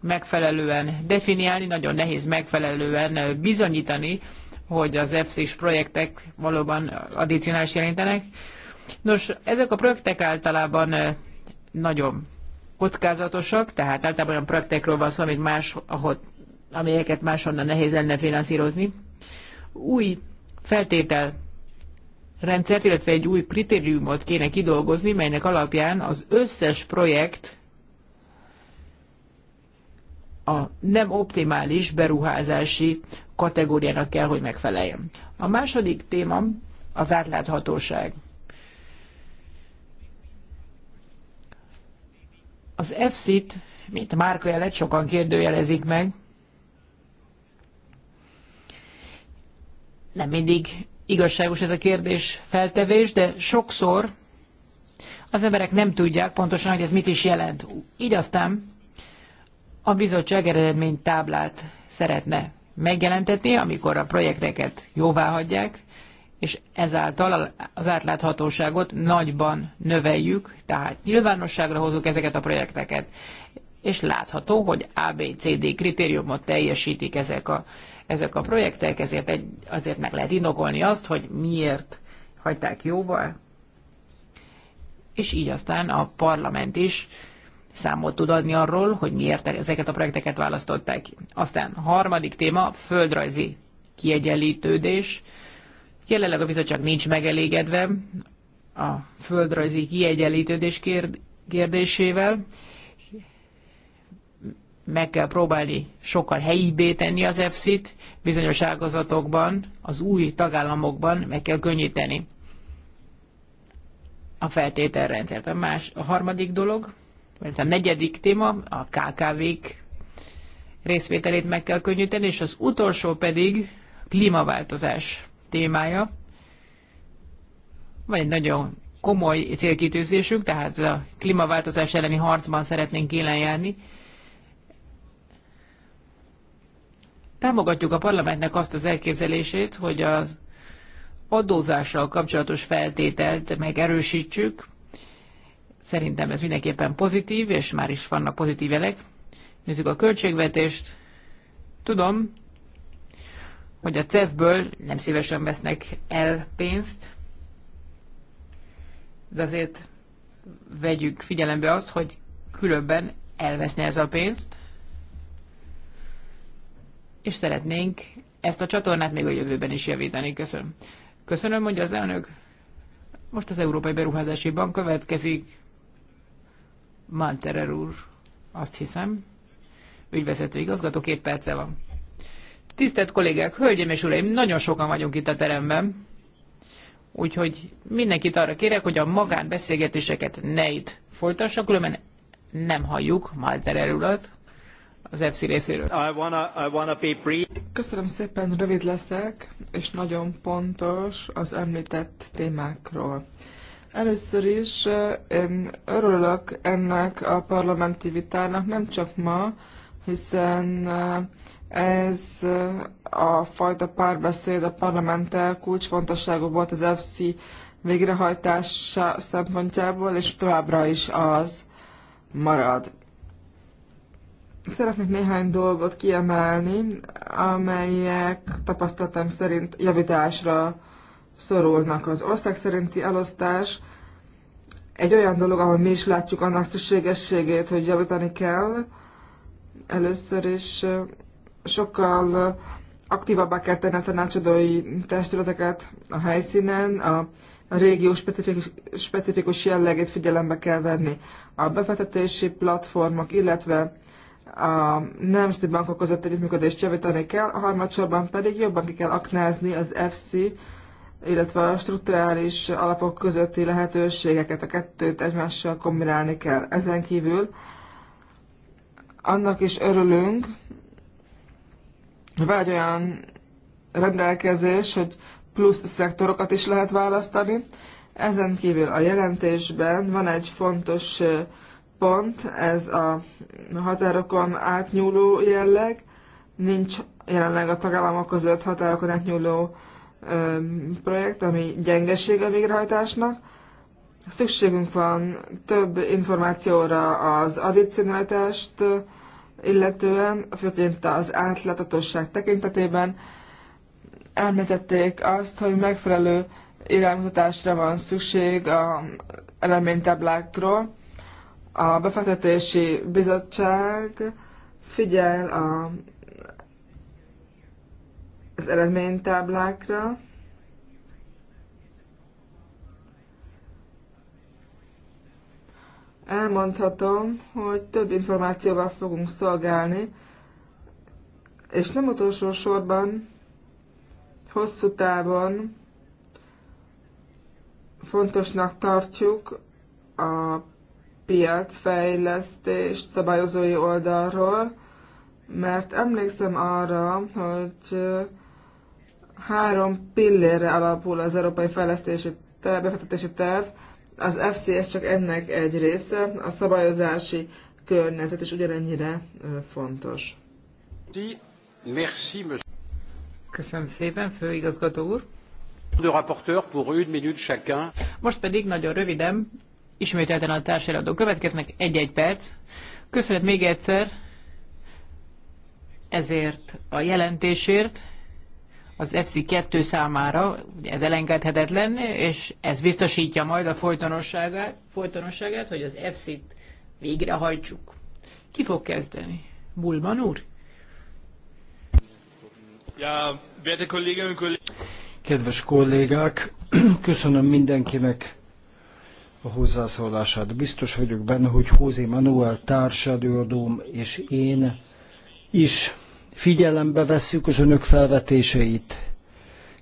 megfelelően definiálni, nagyon nehéz megfelelően bizonyítani, hogy az EFSZ-s projektek valóban addicionális jelentenek. Nos, ezek a projektek általában nagyon kockázatosak, tehát általában olyan projektekről van szó, amit más, ahogy amelyeket máshonnan nehéz lenne finanszírozni. Új feltétel rendszert, illetve egy új kritériumot kéne kidolgozni, melynek alapján az összes projekt a nem optimális beruházási kategóriának kell, hogy megfeleljen. A második téma az átláthatóság. Az EFSIT, mint mint jelet, sokan kérdőjelezik meg. Nem mindig igazságos ez a kérdés feltevés, de sokszor az emberek nem tudják pontosan, hogy ez mit is jelent. Így aztán a bizottság eredmény táblát szeretne megjelentetni, amikor a projekteket jóvá hagyják, és ezáltal az átláthatóságot nagyban növeljük, tehát nyilvánosságra hozunk ezeket a projekteket, és látható, hogy ABCD kritériumot teljesítik ezek a, ezek a projektek, ezért egy, azért meg lehet indokolni azt, hogy miért hagyták jóvá, és így aztán a parlament is számot tud adni arról, hogy miért ezeket a projekteket választották ki. Aztán harmadik téma, földrajzi kiegyenlítődés. Jelenleg a bizottság nincs megelégedve a földrajzi kiegyenlítődés kérdésével. Meg kell próbálni sokkal helyibbé tenni az EFSZ-t, bizonyos ágazatokban, az új tagállamokban meg kell könnyíteni a feltételrendszert. A, más, a harmadik dolog, ez a negyedik téma, a KKV-k részvételét meg kell könnyíteni, és az utolsó pedig klímaváltozás témája. Van egy nagyon komoly célkitűzésünk, tehát a klímaváltozás elleni harcban szeretnénk élen járni. Támogatjuk a parlamentnek azt az elképzelését, hogy az adózással kapcsolatos feltételt megerősítsük, Szerintem ez mindenképpen pozitív, és már is vannak pozitív jelek. Nézzük a költségvetést. Tudom, hogy a CEF-ből nem szívesen vesznek el pénzt, de azért vegyük figyelembe azt, hogy különben elveszne ez a pénzt, és szeretnénk ezt a csatornát még a jövőben is javítani. Köszönöm. Köszönöm, mondja az elnök. Most az Európai Beruházási Bank következik. Malterer úr, azt hiszem, ügyvezető igazgató, két perce van. Tisztelt kollégák, hölgyeim és uraim, nagyon sokan vagyunk itt a teremben, úgyhogy mindenkit arra kérek, hogy a magánbeszélgetéseket ne itt folytassa, különben nem halljuk Malterer urat az EFSZ részéről. I wanna, I wanna be brief. Köszönöm szépen, rövid leszek, és nagyon pontos az említett témákról. Először is én örülök ennek a parlamenti vitának, nem csak ma, hiszen ez a fajta párbeszéd a parlamenttel kulcsfontosságú volt az FC végrehajtása szempontjából, és továbbra is az marad. Szeretnék néhány dolgot kiemelni, amelyek tapasztalatom szerint javításra szorulnak. Az ország szerinti elosztás egy olyan dolog, ahol mi is látjuk annak szükségességét, hogy javítani kell. Először is sokkal aktívabbá kell tenni a tanácsadói testületeket a helyszínen, a régió specifikus, specifikus jellegét figyelembe kell venni. A befektetési platformok, illetve a nemzeti bankok között együttműködést javítani kell, a harmadsorban pedig jobban ki kell aknázni az FC illetve a strukturális alapok közötti lehetőségeket, a kettőt egymással kombinálni kell. Ezen kívül annak is örülünk, hogy van egy olyan rendelkezés, hogy plusz szektorokat is lehet választani. Ezen kívül a jelentésben van egy fontos pont, ez a határokon átnyúló jelleg. Nincs jelenleg a tagállamok között határokon átnyúló projekt, ami gyengeség a végrehajtásnak. Szükségünk van több információra az addicionalitást illetően, főként az átlátatosság tekintetében. Említették azt, hogy megfelelő iránymutatásra van szükség a eleménytáblákról. A befektetési bizottság figyel a az eredménytáblákra. Elmondhatom, hogy több információval fogunk szolgálni, és nem utolsó sorban, hosszú távon fontosnak tartjuk a piacfejlesztés szabályozói oldalról, mert emlékszem arra, hogy Három pillérre alapul az Európai Fejlesztési terv, Befektetési Terv, az FCS csak ennek egy része, a szabályozási környezet is ugyanennyire fontos. Köszönöm szépen, főigazgató úr. De rapporteur pour une minute chacun. Most pedig nagyon röviden, ismételten a társadalmi következnek egy-egy perc. Köszönet még egyszer ezért a jelentésért, az FC2 számára, ugye ez elengedhetetlen, és ez biztosítja majd a folytonosságát, folytonosságát hogy az FC-t végrehajtsuk. Ki fog kezdeni? Bulman úr? Ja, werte Kolleginnen Kedves kollégák, köszönöm mindenkinek a hozzászólását. Biztos vagyok benne, hogy Hózi Manuel társadalom és én is figyelembe vesszük az önök felvetéseit,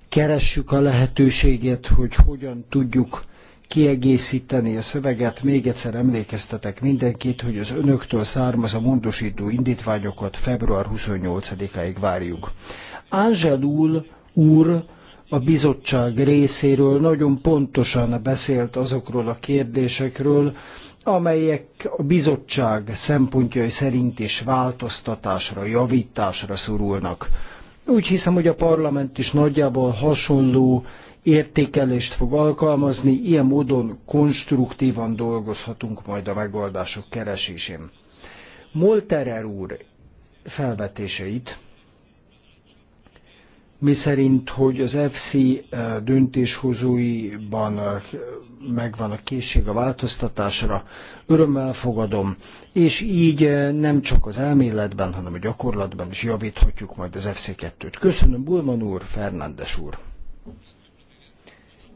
keressük a lehetőséget, hogy hogyan tudjuk kiegészíteni a szöveget. Még egyszer emlékeztetek mindenkit, hogy az önöktől származó mondosító indítványokat február 28-áig várjuk. Ázsel úr, úr a bizottság részéről nagyon pontosan beszélt azokról a kérdésekről, amelyek a bizottság szempontjai szerint is változtatásra, javításra szorulnak. Úgy hiszem, hogy a parlament is nagyjából hasonló értékelést fog alkalmazni, ilyen módon konstruktívan dolgozhatunk majd a megoldások keresésén. Molterer úr felvetéseit szerint, hogy az FC eh, döntéshozóiban eh, megvan a készség a változtatásra, örömmel fogadom, és így eh, nem csak az elméletben, hanem a gyakorlatban is javíthatjuk majd az FC2-t. Köszönöm Bulman úr, Fernándes úr.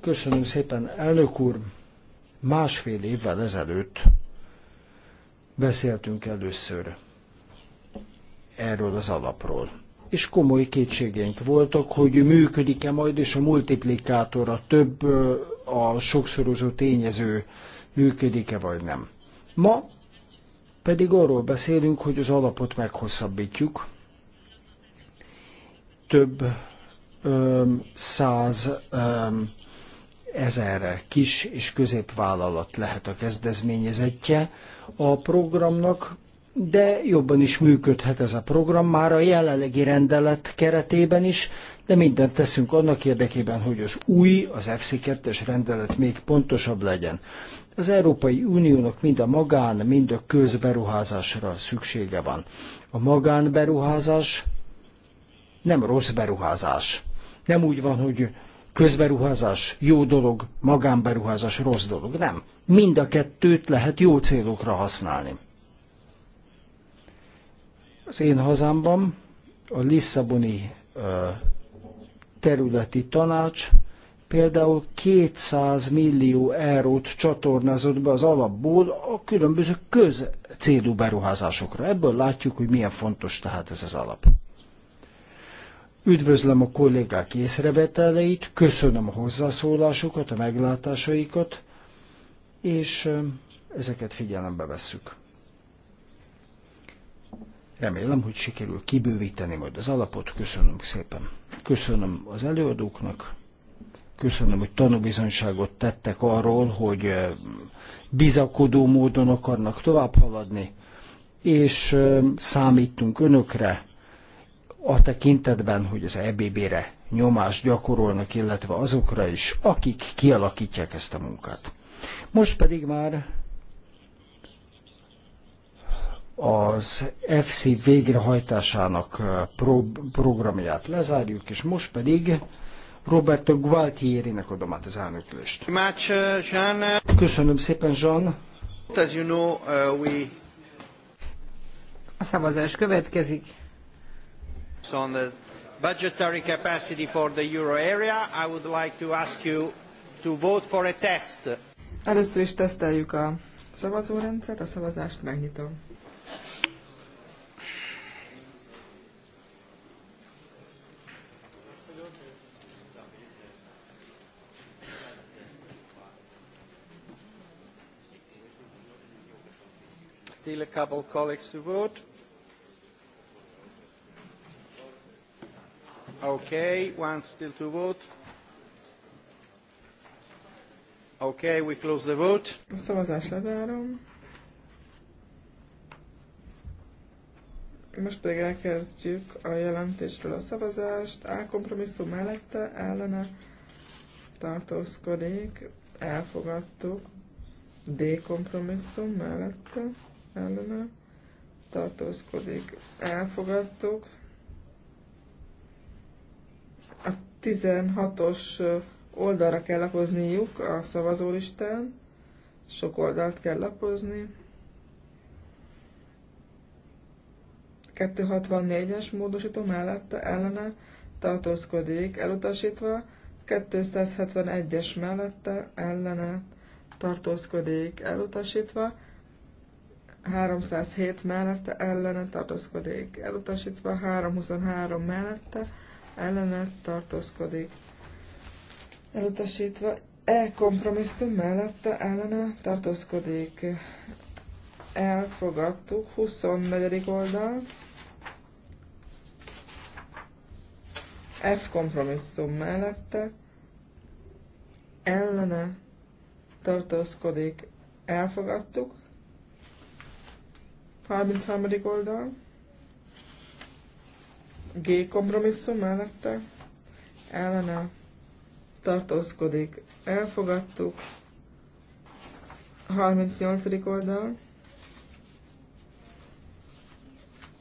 Köszönöm szépen, elnök úr. Másfél évvel ezelőtt beszéltünk először erről az alapról és komoly kétségeink voltak, hogy működik-e majd, és a multiplikátor, a több, a sokszorozó tényező működik-e vagy nem. Ma pedig arról beszélünk, hogy az alapot meghosszabbítjuk. Több öm, száz öm, ezerre kis és középvállalat lehet a kezdezményezetje a programnak, de jobban is működhet ez a program már a jelenlegi rendelet keretében is, de mindent teszünk annak érdekében, hogy az új, az FC2-es rendelet még pontosabb legyen. Az Európai Uniónak mind a magán, mind a közberuházásra szüksége van. A magánberuházás nem rossz beruházás. Nem úgy van, hogy közberuházás jó dolog, magánberuházás rossz dolog. Nem. Mind a kettőt lehet jó célokra használni. Az én hazámban a Lisszaboni területi tanács például 200 millió eurót csatornázott be az alapból a különböző közcélú beruházásokra. Ebből látjuk, hogy milyen fontos tehát ez az alap. Üdvözlöm a kollégák észreveteleit, köszönöm a hozzászólásokat, a meglátásaikat, és ezeket figyelembe vesszük. Remélem, hogy sikerül kibővíteni majd az alapot. Köszönöm szépen. Köszönöm az előadóknak, köszönöm, hogy tanúbizonyságot tettek arról, hogy bizakodó módon akarnak tovább haladni, és számítunk önökre a tekintetben, hogy az EBB-re nyomást gyakorolnak, illetve azokra is, akik kialakítják ezt a munkát. Most pedig már az FC végrehajtásának eh, pro- programját lezárjuk, és most pedig Roberto Gualtierinek adom át az elnöklést. Köszönöm szépen, Jean. As you know, eh, we... A szavazás következik. On the budgetary capacity for the euro area, I would like to ask you to vote for a test. Először is teszteljük a szavazórendszert, a szavazást megnyitom. still a couple of colleagues to vote. Okay, one still to vote. Okay, we close the vote. A szavazás lezárom. Most pedig elkezdjük a jelentésről a szavazást. A kompromisszum mellette ellene tartózkodik. Elfogadtuk. D kompromisszum mellette ellene tartózkodik. Elfogadtuk. A 16-os oldalra kell lapozniuk a szavazólistán. Sok oldalt kell lapozni. 264-es módosító mellette ellene tartózkodik, elutasítva 271-es mellette ellene tartózkodik, elutasítva 307 mellette ellene tartózkodik. Elutasítva 323 mellette ellene tartózkodik. Elutasítva E kompromisszum mellette ellene tartózkodik. Elfogadtuk. 24. oldal. F kompromisszum mellette ellene tartózkodik. Elfogadtuk. 33. oldal. G kompromisszum mellette ellene tartózkodik. Elfogadtuk. 38. oldal.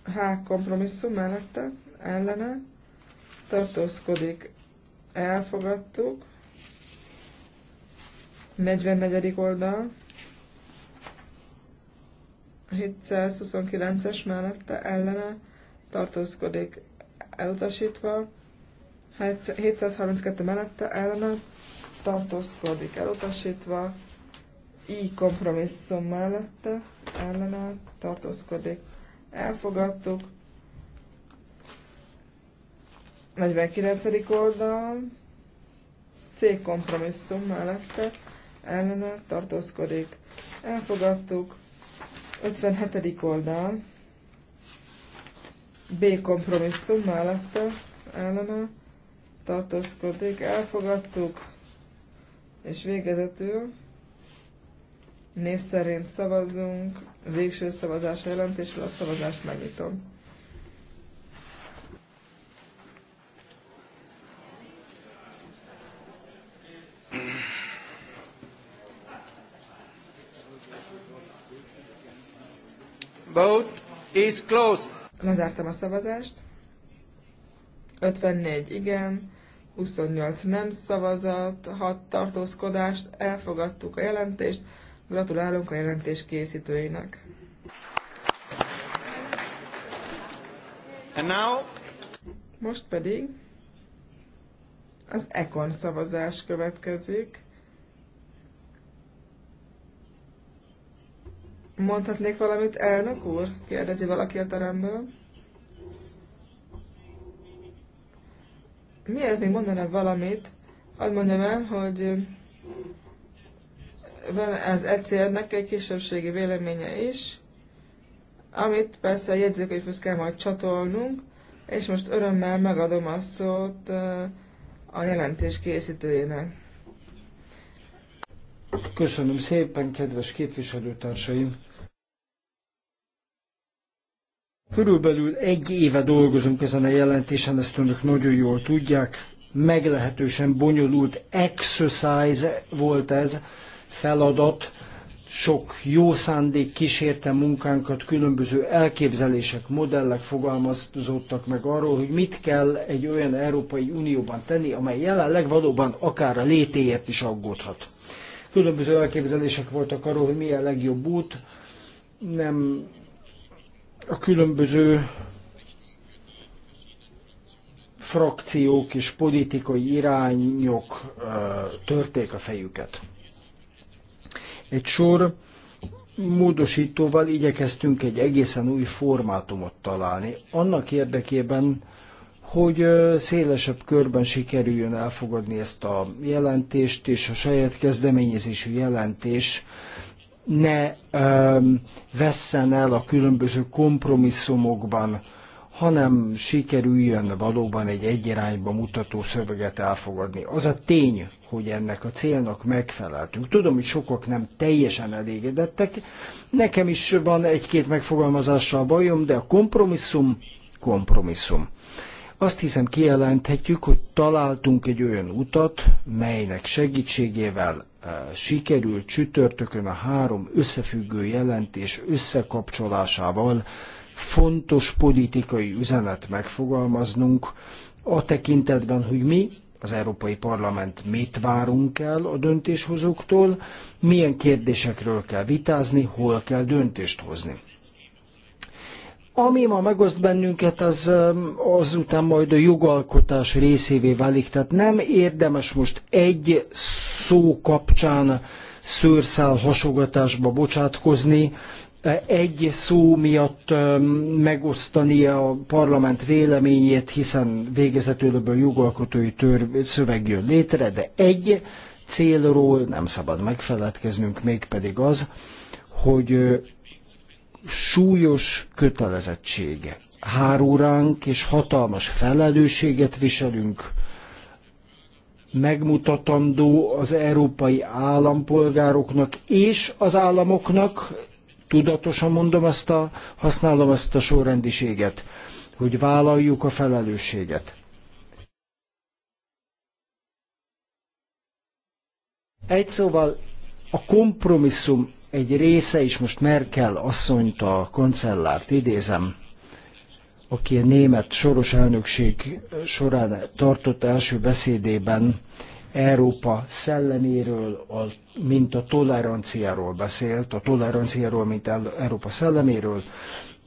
H kompromisszum mellette ellene tartózkodik. Elfogadtuk. 44. oldal. 729-es mellette ellene tartózkodik elutasítva, 732 mellette ellene tartózkodik elutasítva, I kompromisszum mellette ellene tartózkodik. Elfogadtuk. 49. oldal, C kompromisszum mellette ellene tartózkodik. Elfogadtuk. 57. oldal, B kompromisszum mellette ellene tartózkodik, elfogadtuk, és végezetül név szerint szavazunk, végső szavazás jelentésről a szavazást megnyitom. Vote is closed. Lezártam a szavazást. 54 igen, 28 nem szavazat, 6 tartózkodást, elfogadtuk a jelentést. Gratulálunk a jelentés készítőinek. And now... Most pedig az Econ szavazás következik. Mondhatnék valamit, elnök úr? kérdezi valaki a teremből. Miért még mondaná valamit? Hadd mondjam el, hogy van az ECR-nek egy kisebbségi véleménye is, amit persze a jegyzőkönyvhöz kell majd csatolnunk, és most örömmel megadom a szót uh, a jelentés készítőjének. Köszönöm szépen, kedves képviselőtársaim! Körülbelül egy éve dolgozunk ezen a jelentésen, ezt önök nagyon jól tudják. Meglehetősen bonyolult exercise volt ez, feladat. Sok jó szándék kísérte munkánkat, különböző elképzelések, modellek fogalmazódtak meg arról, hogy mit kell egy olyan Európai Unióban tenni, amely jelenleg valóban akár a létéért is aggódhat. Különböző elképzelések voltak arról, hogy mi a legjobb út, nem a különböző frakciók és politikai irányok törték a fejüket. Egy sor módosítóval igyekeztünk egy egészen új formátumot találni, annak érdekében, hogy szélesebb körben sikerüljön elfogadni ezt a jelentést, és a saját kezdeményezésű jelentés ne um, vesszen el a különböző kompromisszumokban, hanem sikerüljön valóban egy egyirányba mutató szöveget elfogadni. Az a tény, hogy ennek a célnak megfeleltünk. Tudom, hogy sokak nem teljesen elégedettek, nekem is van egy-két megfogalmazással bajom, de a kompromisszum kompromisszum. Azt hiszem kijelenthetjük, hogy találtunk egy olyan utat, melynek segítségével Eh, sikerült csütörtökön a három összefüggő jelentés összekapcsolásával fontos politikai üzenet megfogalmaznunk a tekintetben, hogy mi az Európai Parlament mit várunk el a döntéshozóktól, milyen kérdésekről kell vitázni, hol kell döntést hozni. Ami ma megoszt bennünket, az azután majd a jogalkotás részévé válik. Tehát nem érdemes most egy szó kapcsán szőrszál hasogatásba bocsátkozni, egy szó miatt megosztani a parlament véleményét, hiszen végezetül a jogalkotói tör, szöveg jön létre, de egy célról nem szabad megfeledkeznünk, mégpedig az, hogy súlyos kötelezettsége hár óránk, és hatalmas felelősséget viselünk megmutatandó az európai állampolgároknak és az államoknak, tudatosan mondom ezt a, használom ezt a sorrendiséget, hogy vállaljuk a felelősséget. Egy szóval a kompromisszum egy része, és most Merkel asszonyt, a kancellárt idézem, aki a német soros elnökség során tartott első beszédében Európa szelleméről, a, mint a toleranciáról beszélt, a toleranciáról, mint Európa szelleméről.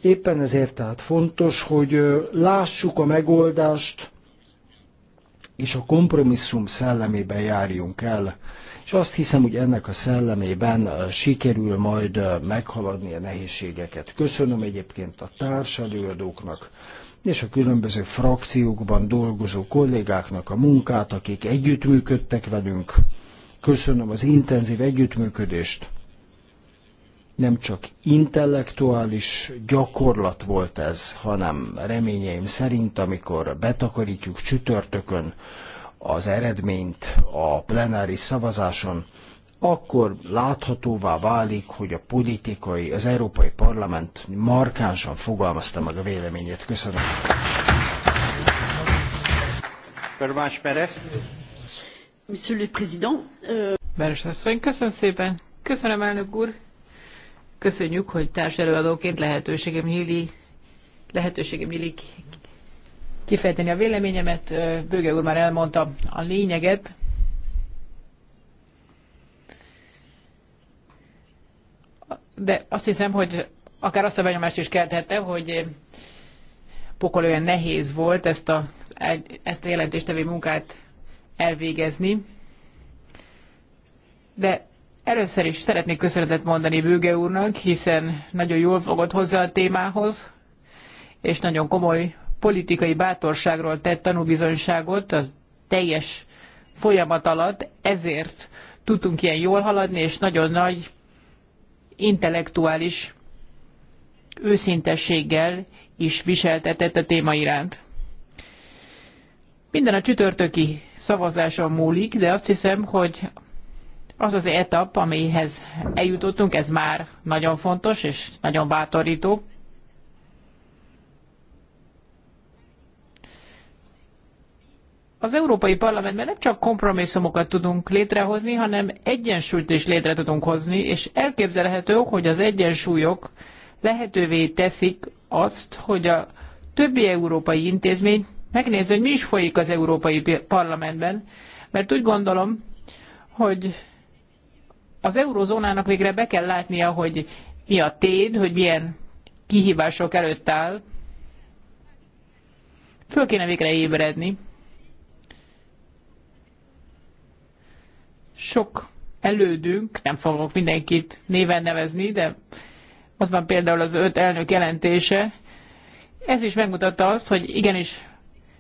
Éppen ezért tehát fontos, hogy lássuk a megoldást, és a kompromisszum szellemében járjunk el. És azt hiszem, hogy ennek a szellemében sikerül majd meghaladni a nehézségeket. Köszönöm egyébként a társadalmadóknak és a különböző frakciókban dolgozó kollégáknak a munkát, akik együttműködtek velünk. Köszönöm az intenzív együttműködést nem csak intellektuális gyakorlat volt ez, hanem reményeim szerint, amikor betakarítjuk csütörtökön az eredményt a plenáris szavazáson, akkor láthatóvá válik, hogy a politikai, az Európai Parlament markánsan fogalmazta meg a véleményét. Köszönöm. Pervás Perez. Monsieur le Président. Euh, Beres köszönöm szépen. Köszönöm, elnök úr. Köszönjük, hogy társelőadóként lehetőségem nyílik, lehetőségem nyílik kifejteni a véleményemet. Bőge úr már elmondta a lényeget. De azt hiszem, hogy akár azt a benyomást is keltette, hogy pokol olyan nehéz volt ezt a, ezt a jelentéstevő munkát elvégezni. De Először is szeretnék köszönetet mondani Bőge úrnak, hiszen nagyon jól fogott hozzá a témához, és nagyon komoly politikai bátorságról tett tanúbizonyságot az teljes folyamat alatt, ezért tudtunk ilyen jól haladni, és nagyon nagy intellektuális őszintességgel is viseltetett a téma iránt. Minden a csütörtöki szavazáson múlik, de azt hiszem, hogy az az etap, amihez eljutottunk, ez már nagyon fontos és nagyon bátorító. Az Európai Parlamentben nem csak kompromisszumokat tudunk létrehozni, hanem egyensúlyt is létre tudunk hozni, és elképzelhető, hogy az egyensúlyok lehetővé teszik azt, hogy a többi európai intézmény megnézze, hogy mi is folyik az Európai Parlamentben, mert úgy gondolom, hogy az eurozónának végre be kell látnia, hogy mi a téd, hogy milyen kihívások előtt áll. Föl kéne végre ébredni. Sok elődünk, nem fogok mindenkit néven nevezni, de ott van például az öt elnök jelentése. Ez is megmutatta azt, hogy igenis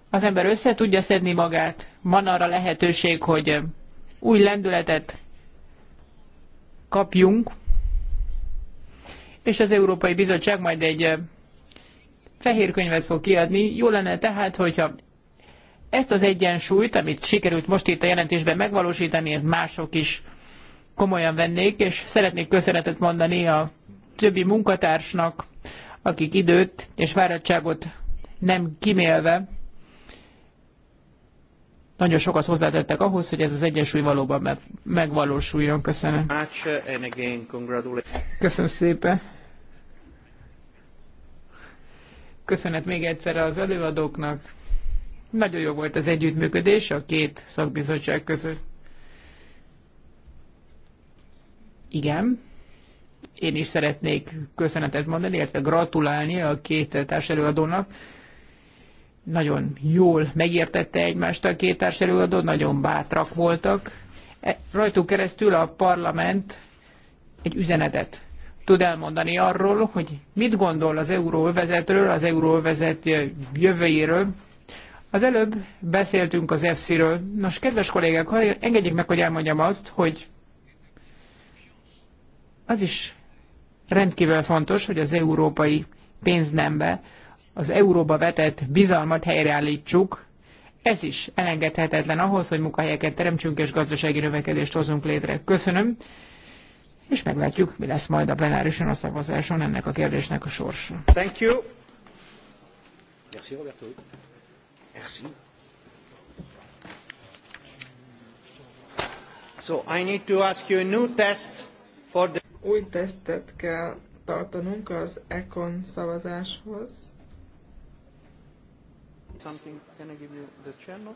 az ember össze tudja szedni magát, van arra lehetőség, hogy új lendületet kapjunk, és az Európai Bizottság majd egy fehér könyvet fog kiadni. Jó lenne tehát, hogyha ezt az egyensúlyt, amit sikerült most itt a jelentésben megvalósítani, ezt mások is komolyan vennék, és szeretnék köszönetet mondani a többi munkatársnak, akik időt és fáradtságot nem kimélve nagyon sokat hozzátettek ahhoz, hogy ez az egyensúly valóban megvalósuljon. Köszönöm. Köszönöm szépen. Köszönet még egyszer az előadóknak. Nagyon jó volt az együttműködés a két szakbizottság között. Igen. Én is szeretnék köszönetet mondani, illetve gratulálni a két társelőadónak nagyon jól megértette egymást a két társelőadó, nagyon bátrak voltak. E, rajtuk keresztül a parlament egy üzenetet tud elmondani arról, hogy mit gondol az euróvezetről, az euróvezet jövőjéről. Az előbb beszéltünk az EFSZ-ről. Nos, kedves kollégák, engedjék meg, hogy elmondjam azt, hogy az is rendkívül fontos, hogy az európai pénznembe az euróba vetett bizalmat helyreállítsuk, ez is elengedhetetlen ahhoz, hogy munkahelyeket teremtsünk és gazdasági növekedést hozunk létre. Köszönöm, és meglátjuk, mi lesz majd a plenárison a szavazáson ennek a kérdésnek a sorsa. Thank you. Merci Roberto. Merci. So I need to ask you a new test for the... Új tesztet kell tartanunk az ECON szavazáshoz. Something, can I give you the channel?